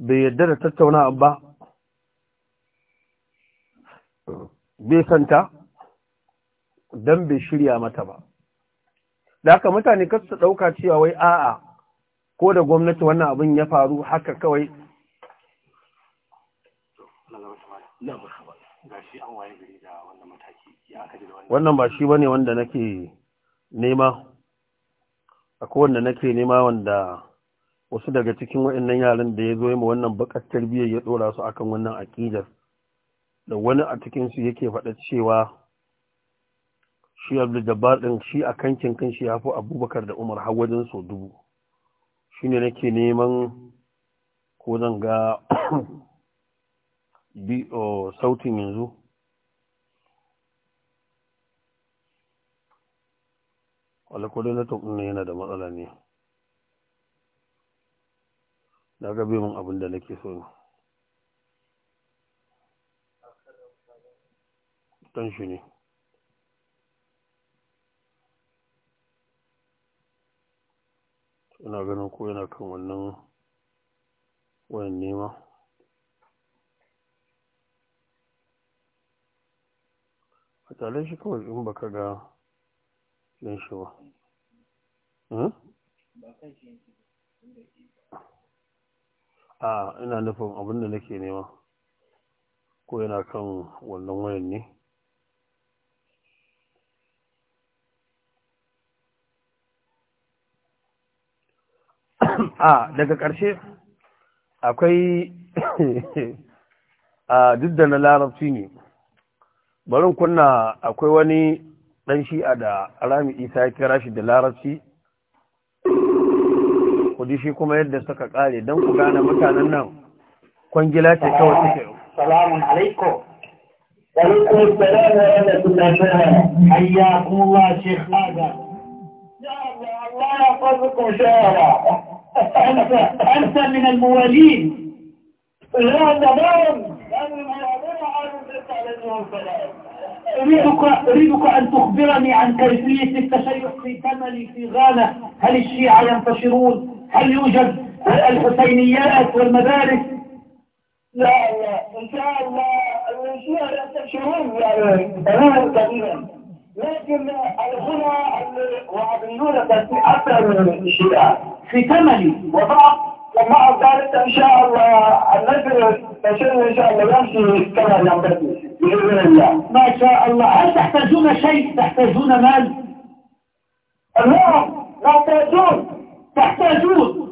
bai yadda da tattauna ba bai santa Dan bai shirya mata ba. Da haka mutane kar su ɗauka cewa wai a'a ko da gwamnati wannan abin ya faru haka kawai. Wannan ba shi bane wanda nake nema, akwai wanda nake nema wanda wasu daga cikin waɗannan yaran da ya zo yi wannan bakar tarbiyyar ya ɗora su akan wannan aƙidar da wani a cikinsu yake faɗa cewa shi abu jabbar Baɗin, shi a kankin kan shi ya fi abubakar da umar har wajen so dubu shi ne nake neman ko zan ga [clears throat] sautin yanzu alakodin na na yana da matsala ne na gabe min abin da nake so ne don shi ne ina ganin ko yana kan wannan wayan nema a tare shi kawai in baka ga yan shi ba hmm? a ina nufin abinda nake nema ko yana kan wannan wayan ne a daga ƙarshe akwai [coughs] a duk da na larabci ne barin kunna akwai wani ɗan shi'a da alami isa ya kira shi da larabci [coughs] kudi shi kuma yadda suka ƙare don ku gane mutanen nan kwangila ce kawai suke salamun alaikum وعليكم السلام ورحمة الله وبركاته حياكم الله شيخ آدم ya Allah ya يحفظكم شيخ أنت من الموالين لا تضارب أريدك, أريدك أن تخبرني عن كيفية التشيع في تملي في غانا هل الشيعة ينتشرون هل يوجد الحسينيات والمدارس لا إن شاء الله الشيعة ينتشرون يعني لكن هنا وعبيون تسمي أكثر من الشيعة في ثمني وبعد ومع ذلك ان شاء الله النجر الشر ان شاء الله يمشي كما ينبغي ما شاء الله هل تحتاجون شيء تحتاجون مال؟ لا تحتاجون تحتاجون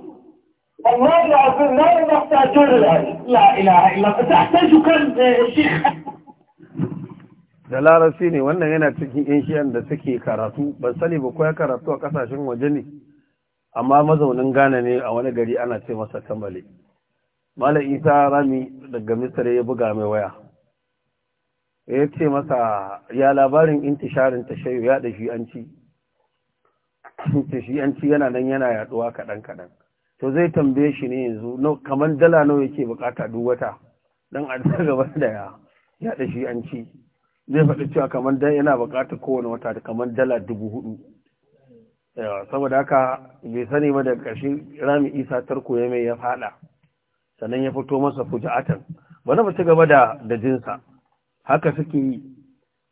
والله العظيم لا نحتاجون الان لا اله الا الله تحتاج كم شيخ da larabci ne wannan yana cikin yan da suke karatu ban sani ba ko ya karatu a kasashen waje ne amma mazaunin gane ne a wani gari ana ce masa tambale Malam Isa Rami daga Misir ya buga mai waya ya ce masa ya labarin intisharin tashayu ya da shi'anci [laughs] shi'anci yana nan yana yaduwa kaɗan kaɗan to zai tambaye shi ne yanzu kamar dala nawa yake bukata duk wata don a [laughs] gaba da ya ya shi'anci zai faɗi cewa kamar yana bukata kowane wata kamar dala dubu hudu saboda haka bai sani ba daga ƙarshe rami isa tarko ya mai ya fada sannan ya fito masa fuja'atan bana ba ci gaba da da jinsa haka suke yi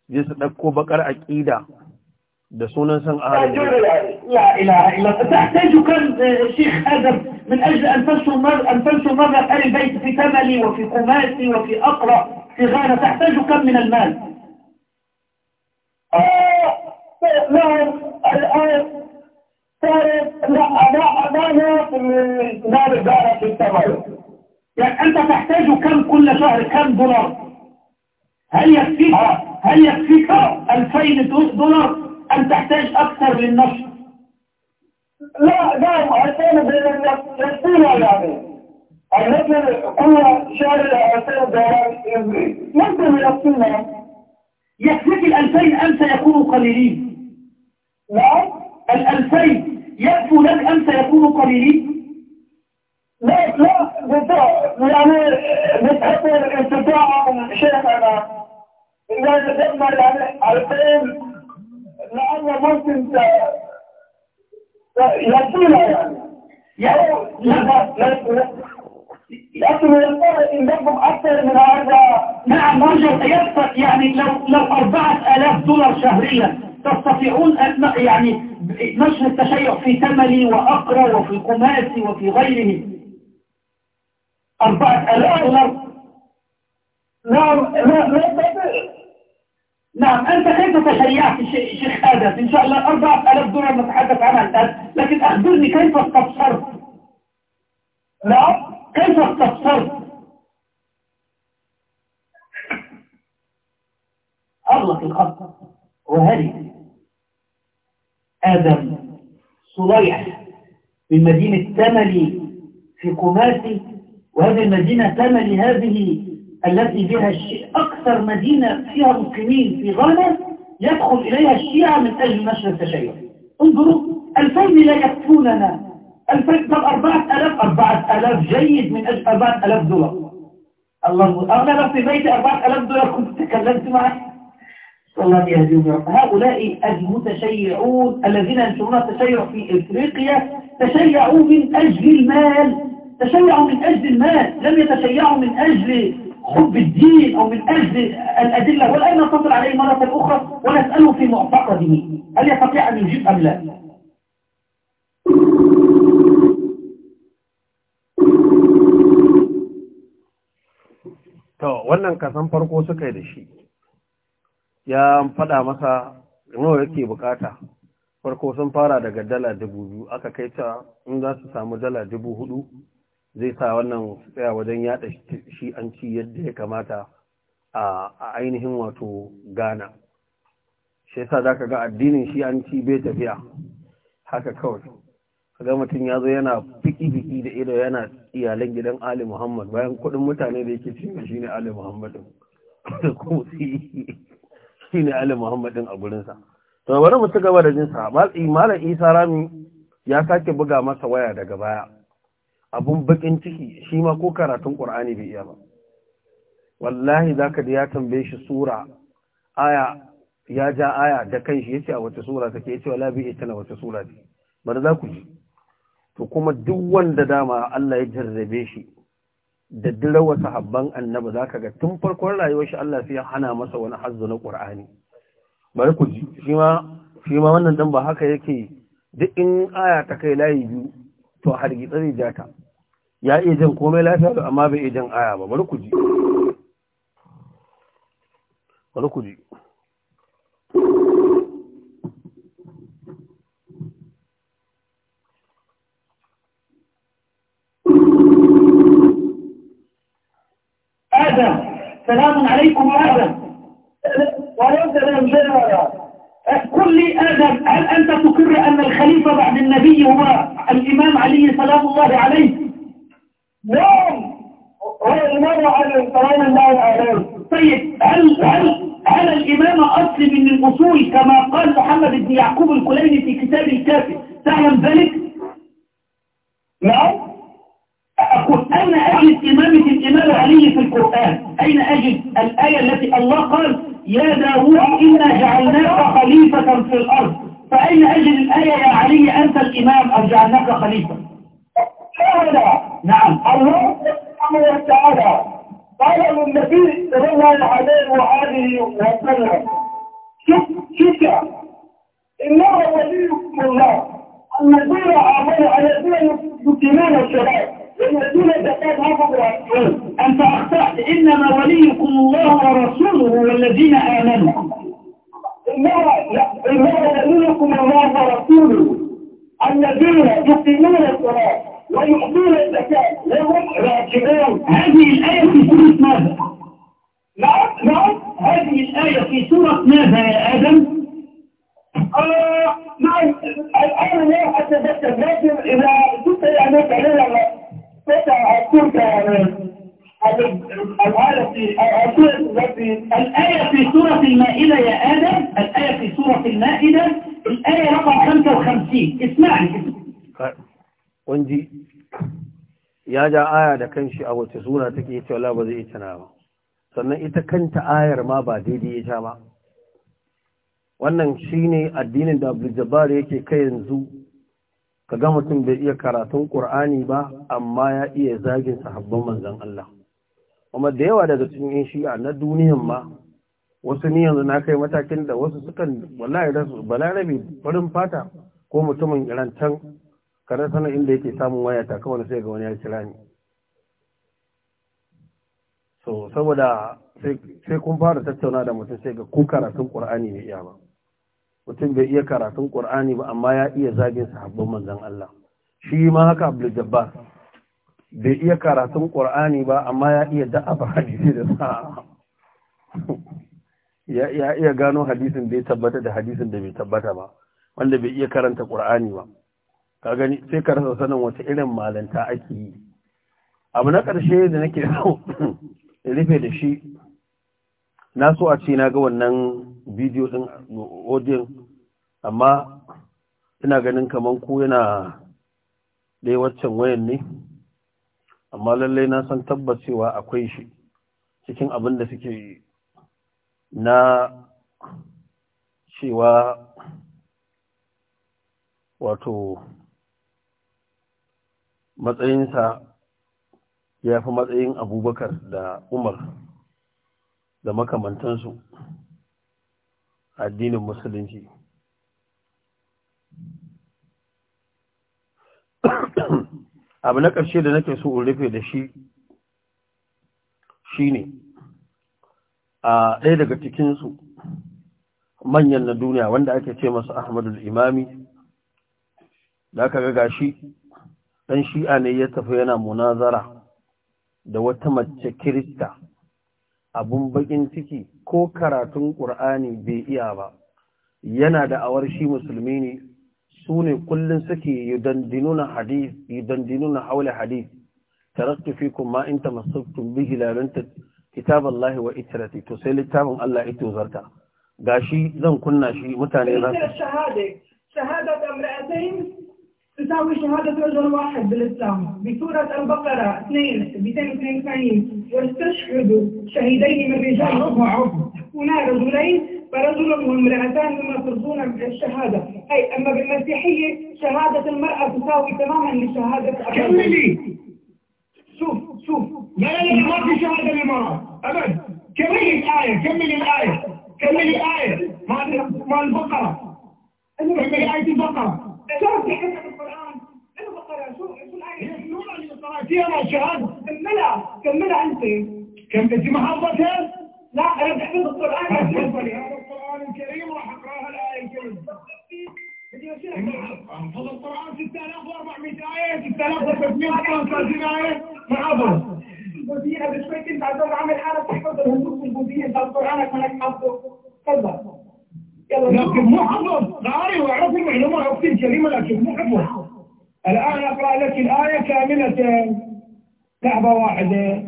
je su ɗauko bakar aƙida da sunan san ahalin la ilaha illa tahtaju kan sheikh adam min ajli an tansu mar an tansu mar al bayt fi tamali wa fi qumasi wa fi aqra fi ghana tahtaju kan min al mal الآن يعني أنت تحتاج كم كل شهر كم دولار هل يكفيك آه. هل يكفيك 2000 دولار أم تحتاج أكثر للنشر لا لا عشان بالنسبة يعني الرجل كل شهر عشان دولار ممكن يكفينا يكفيك الألفين أم سيكونوا قليلين؟ لا نعم. الألفين يبدو لك أم سيكونوا قليلين لا لا يعني بتحب الاستطاعة شيخ أنا إذا تجمع يعني عارفين لأنه ممكن يصير يعني يعني لا لا لا لكن إن انضمهم اكثر من هذا نعم رجل يدفع يعني لو لو 4000 دولار شهريا تستطيعون يعني نشر التشيع في تملي وأقرى وفي قماسي وفي غيره أربعة آلاف دولار نار نار نعم أنت كيف تشيعت شيخ آدم إن شاء الله أربعة آلاف دولار نتحدث عنها الآن لكن أخبرني كيف استبصرت لا نعم، كيف استبصرت أغلق الخط وهري آدم صليح من مدينة تملي في قماسي وهذه المدينة تملي هذه التي بها الشيء أكثر مدينة فيها مسلمين في غانا يدخل إليها الشيعة من أجل نشر التشيع انظروا ألفين لا يكفوننا ألفين طب أربعة ألاف أربعة ألاف جيد من أجل أربعة ألاف دولار الله أغلب في بيتي أربعة ألاف دولار كنت تكلمت معي والله يهديهم هؤلاء المتشيعون الذين ينشرون التشيع في افريقيا تشيعوا من اجل المال تشيعوا من اجل المال لم يتشيعوا من اجل حب الدين او من اجل الادله والان نتصل عليه مره اخرى ونساله في معتقده هل يستطيع ان يجيب ام لا to wannan kasan farko suka yi da shi ya faɗa masa nawa yake bukata farko sun fara daga dala dubu biyu aka kai ta in za su samu dala dubu hudu zai sa wannan tsaya wajen yada shi an ci yadda ya kamata a ainihin wato ghana shi yasa za ka ga addinin shi an ci bai tafiya haka kawai kaga mutum ya zo yana fiki-fiki da ido yana iyalan gidan ali muhammad bayan kudin mutane da yake cin shi ne ali muhammad da [laughs] shi ne Ali Muhammadin a gurinsa. To bari mu ci gaba da jinsa. Malam Isa Rami ya sake buga masa waya daga baya. Abun bakin ciki shi ma ko karatun Qur'ani bai iya ba. Wallahi zaka da ya tambaye shi sura aya ya ja aya da kanshi yace a wace sura take yace wala bi ita na wace sura ce. Bari za ku ji. To kuma duk wanda dama Allah ya jarrabe shi da dirawa habban annabi zaka ga tun farkon rayuwar shi Allah sai ya hana masa wani hazzu na Qur'ani bari ku ji shi ma shi ma wannan dan ba haka yake duk in aya ta kai layi biyu to hargitsa zai ja ta ya iya jan komai lafiya da amma bai iya jan aya ba bari ku ji bari ku ji علي سلام الله عليه نعم الإمام على سلام الله عليه طيب هل هل هل الإمام أصل من الأصول كما قال محمد بن يعقوب الكليني في كتاب الكافي تعلم ذلك؟ نعم أقول أين أجد إمامة الإمام علي في القرآن أين أجد الآية التي الله قال يا داوود إنا جعلناك خليفة في الأرض فأين أجل الآية يا علي أنت الإمام أو جعلناك خليفة هذا نعم الله سبحانه وتعالى قال النبي صلى الله عليه وآله وسلم شك شك إنه وليكم الله الذين آمنوا الذين يقيمون الصلاة والذين زكاة أنت أخطأت إنما وليكم الله ورسوله والذين آمنوا إنما نبيكم الله ورسوله الذين يقيمون الصلاة ويعطون الزكاة لهم راكبون هذه الآية في سورة ماذا؟ نعم نعم هذه الآية في سورة ماذا يا آدم؟ آه نعم الآية لا أتذكر لكن إذا كنت يعني كلمة فتح أذكرك يعني الآية في سورة المائدة يا آدم الآية في سورة المائدة الآية رقم 55 اسمعني ونجي ya ja aya da kanshi a wace suna take cewa la ba zai ita na ba sannan ita kanta ayar ma ba daidai ita ba wannan shine addinin da Abu Jabbar yake kai yanzu kaga mutum bai iya karatun Qur'ani ba amma ya iya zagin sahabban manzon Allah kuma da yawa daga cikin yan shi'a na duniyan ma wasu ni yanzu na kai matakin da wasu sukan wallahi rasu balarabe farin fata ko mutumin iran can kada sanar inda yake samun waya ta kawai sai ga wani ya kira ni so saboda sai kun fara tattauna da mutum sai ga ku karatun qur'ani ne iya ba mutum bai iya karatun qur'ani ba amma ya iya zagin sahabban manzon Allah shi ma haka Abdul Jabbar bai iya karatun ƙur'ani ba amma ya iya da'aba hadisi da sa ya iya gano hadisin da ya tabbata da hadisin da bai tabbata ba wanda bai iya karanta ƙur'ani ba ka gani sai ka rasa sanin wata irin malanta ake yi abu na ƙarshe da nake so rufe da shi na so a ce na ga wannan bidiyo ɗin odin. amma ina ganin kamar ku yana ɗaya waccan wayan ne amma lallai na san tabbacewa akwai shi cikin abin da suke na cewa wato matsayinsa ya fi matsayin abubakar da umar da makamantansu addinin musulunci abu na ƙarshe da nake so in rufe da shi shi ne. a ɗaya daga cikinsu manyan na duniya wanda ake ce masu ahmadu imami da aka ga gashi ɗan shi'a ne ya tafi yana munazara da wata mace kirista abun baƙin ciki ko karatun ƙur'ani bai iya ba yana da awar shi musulmi ne سوني كل سكي يدندنون حديث يدندنون حول حديث تركت فيكم ما انت مصبتم به لا بنت كتاب الله وإثرتي تسيل التام الله إتو زرتا غاشي زن كنا شي متاني لان شهادة شهادة أمرأتين تساوي شهادة رجل واحد بالإسلام بسورة البقرة اثنين بيتين اثنين ثانيين واستشهدوا شهيدين من رجال وعب هنا رجلين فرجل وامرأتان ترضون الشهادة أي أما بالمسيحية شهادة المرأة تساوي تماما لشهادة كملي شوف شوف لا لا ما في شهادة للمرأة أبد كملي الآية كملي الآية كملي الآية ما ما البقرة كملي آية البقرة شوف حتى القرآن البقرة شو شو الآية نور اللي فيها مع الشهادة كملها كملها أنت كم أنت محافظتها لا انا بحفظ القران انا القران الكريم راح اقراها الايه الكريمه احفظ القران 6400 ايه 6335 ايه محافظ البوذيه لكن مو حفظ قاري واعرف المعلومه اختي الكريمه لكن مو حفظ الان اقرا لك الايه كامله لعبه واحده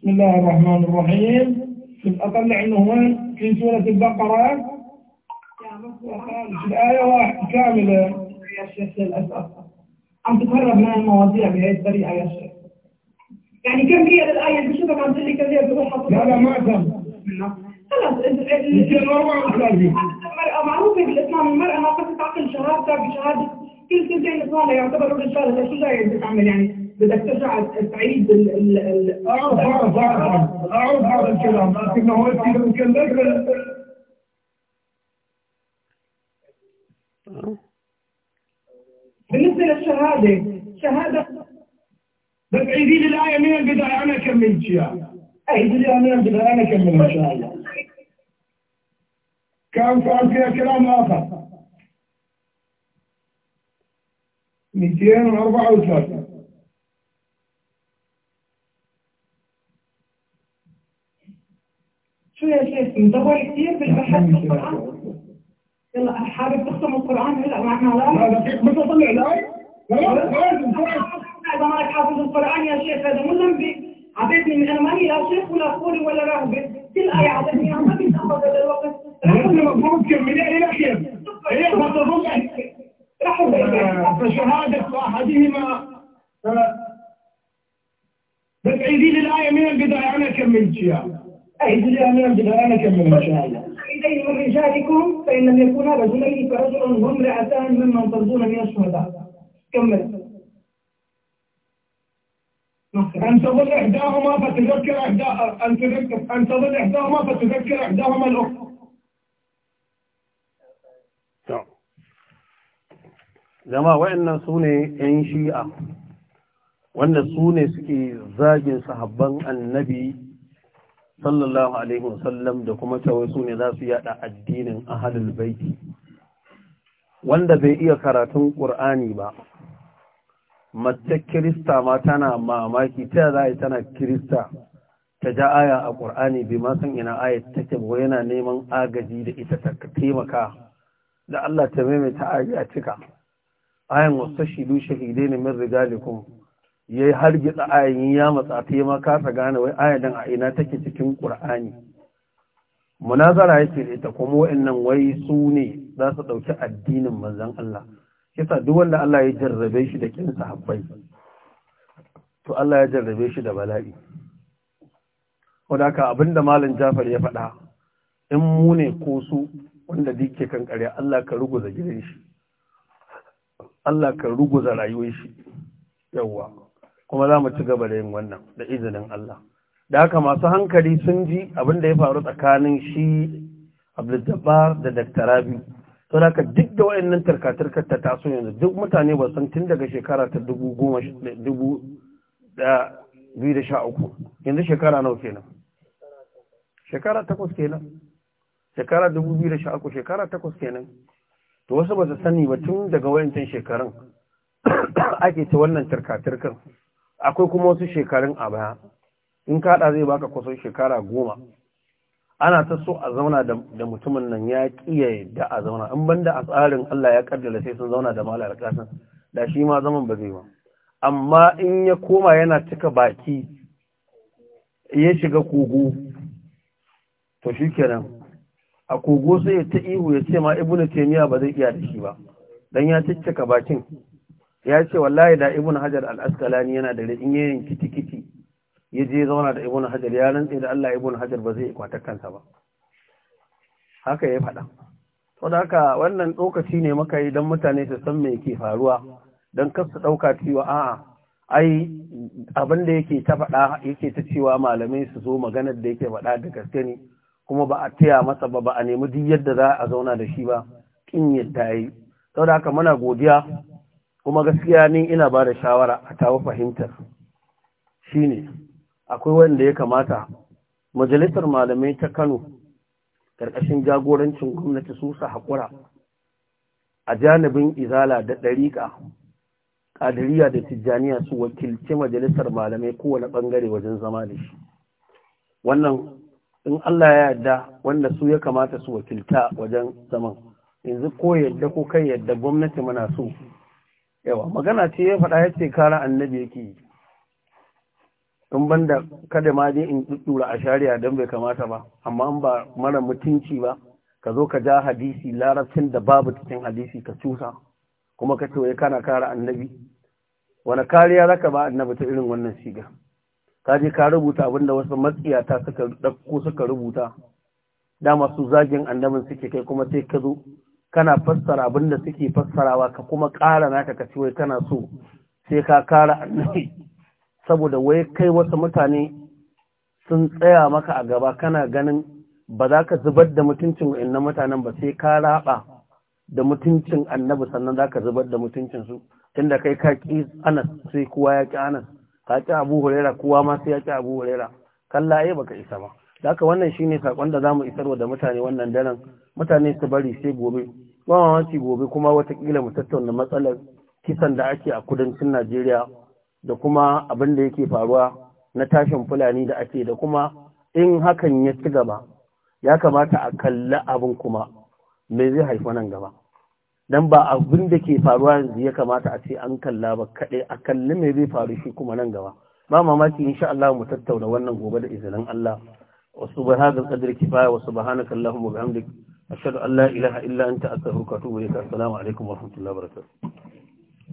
بسم الله الرحمن الرحيم كنت أطلع إنه وين في سورة البقرة الآية واحد كاملة يا شيخ للأسف عم تتهرب من المواضيع بهي الطريقة يا شيخ يعني كم هي الآية بشوفك عم تقول لي كم هي بروح لا لا ما كم خلص المرأة معروفة بالإسلام المرأة ناقصة عقل شهادتها بشهادة كل سنتين يعتبر رجل رجاله شو جاي بدك تعمل يعني بدك ال ال ال اعرف اعرف اعرف هذا الكلام لكن هو يتكلم بالنسبة للشهادة شهادة بس عيدي لي الآية من البداية أنا كملت إياها عيدي لي من البداية أنا كملت إن شاء الله كان فعل فيها كلام آخر 234 مدور كثير بالبحث القرآن يلا حابب تختم القرآن هلا معنا لا بس اطلع الاي اذا مالك حافظ القرآن يا شيخ هذا مو ذنبي عطيتني من انا ماني لا شيخ ولا قولي ولا راهبه كل آية عطيتني ما بيتأخذ هذا الوقت ممكن مفروض كملي الى الاخير هي ما تظن آه، فشهادة احدهما آه، بس عيدي لي الآية من البداية انا كملت اياها أي من أنا إن شاء إذا من رجالكم فإن لم يكونا رجلين فرجل هم وامرأتان ممن ترضون من الشهداء كمل أن تظل إحداهما فتذكر إحدى أن تذكر أن تظل إحداهما فتذكر إحداهما الأخرى جماعة wa'annan سوني إن 'yan shi'a wanda su ne suke zagin sahabban annabi sallallahu alaihi wasallam da kuma cewa su ne za su yada addinin ahalul baiti wanda bai iya karatun ƙur'ani ba mace kirista ma tana mamaki ta za tana kirista ta ja aya a Kur'ani bai ma ina ayat ta ba yana neman agaji da ita ta taimaka da Allah ta maimaita a cika ayan wasu shahidu shahidai ne min rigalikum ya yi hargitsa ayin ya matsa ta yi ta gane wai ayyadan a ina take cikin ƙur'ani munazara yake da ita kuma nan wai su ne za su ɗauki addinin manzan Allah kisa duk wanda Allah ya jarrabe shi da kin sahabbai to Allah ya jarrabe shi da bala'i wadaka abinda malam Jafar ya faɗa in mu ne ko su wanda dike kan ƙarya Allah ka ruguza gidan shi Allah ka ruguza rayuwar shi yawwa kuma za mu ci gaba da yin wannan da izinin Allah da haka masu hankali sun ji abin da ya faru tsakanin shi Abdulzabar da daktarabi to da duk da wayannan tarkatarkar ta taso yanzu duk mutane ba san tun daga shekara ta dubu goma dubu da biyu da sha uku yanzu shekara nawa kenan shekara takwas kenan shekara dubu biyu da sha uku shekara takwas kenan to wasu ba su sani ba tun daga wayancan shekarun [coughs] ake ta wannan tarkatarkar akwai kuma wasu shekarun a baya in kaɗa zai baka kusan shekara goma ana ta so a zauna da mutumin nan ya ƙiya da a zauna in banda a tsarin Allah ya kaddara sai sun zauna da malar kasan da shi ma zaman ba zai ba amma in ya koma yana cika baki ya shiga kogo to shi kenan a kogo sai ya ta ihu ya ce ma ibnu taymiya ba zai iya da shi ba dan ya cika bakin ya ce wallahi da ibn hajar al-asqalani yana da in yayin kitikiti ya je zauna da ibn hajar ya rantse da Allah ibn hajar ba zai kwata kansa ba haka ya faɗa da haka wannan lokaci ne maka yi don mutane su san me ke faruwa don kar su ɗauka cewa a'a ai abin da yake ta faɗa yake ta cewa malamai su zo maganar da yake faɗa da gaske ne kuma ba a taya masa ba ba a nemi duk yadda za a zauna da shi ba kin yadda yi saboda haka muna godiya kuma gaskiya ni ina ba da shawara a tawo fahimtar Shi ne, akwai wanda ya kamata majalisar malamai ta kano ƙarƙashin jagorancin gwamnati su su haƙura a janibin izala da ɗariƙa ƙadiriya da tijjaniya su wakilci majalisar malamai kowane ɓangare wajen zama da shi wannan in Allah ya yarda wanda su ya kamata su wakilta wajen zaman yanzu ko yadda ko kan yadda gwamnati muna so yawa magana ce ya faɗa ya ce kara annabi yake yi in banda kada ma je in ɗuɗɗura a shari'a don bai kamata ba amma in ba mara mutunci ba ka zo ka ja hadisi larabcin da babu cikin hadisi ka cusa kuma ka ce kana kara annabi wani kariya zaka ba annabi ta irin wannan shiga ka je ka rubuta abinda wasu matsiyata suka ɗauko suka rubuta dama su zagin annabin suke kai kuma sai ka zo kana fassara abin da suke fassarawa ka kuma ƙara naka ka wai kana so sai ka kara annabi saboda wai kai wasu mutane sun tsaya maka a gaba kana ganin ba za ka zubar da mutuncin wa'in mutanen ba sai ka raba da mutuncin annabi sannan za ka zubar da mutuncinsu inda kai ka ƙi anas sai kowa ya ƙi anas ka ƙi abu hurera kowa ma sai ya ƙi abu hurera kalla ai baka isa ba da haka wannan shine saƙon da zamu isarwa da mutane wannan daren mutane su bari sai gobe ba gobe kuma watakila mu tattauna matsalar kisan da ake a kudancin Najeriya da kuma abin da yake faruwa na tashin fulani da ake da kuma in hakan ya ci gaba ya kamata a kalli abin kuma me zai haifa nan gaba Don ba abin da ke faruwa yanzu ya kamata a ce an kalla ba kaɗai a kalli me zai faru shi kuma nan gaba ba mamaki insha Allah mu tattauna wannan gobe da izinin Allah wasu bai haɗin ƙadir kifaya wasu ba hana kallon mu ga hamdik a shaɗu allah ilaha illa an ta'atar hukatu wa yi ka salamu alaikum wa rahmatullahi wa barakatuhu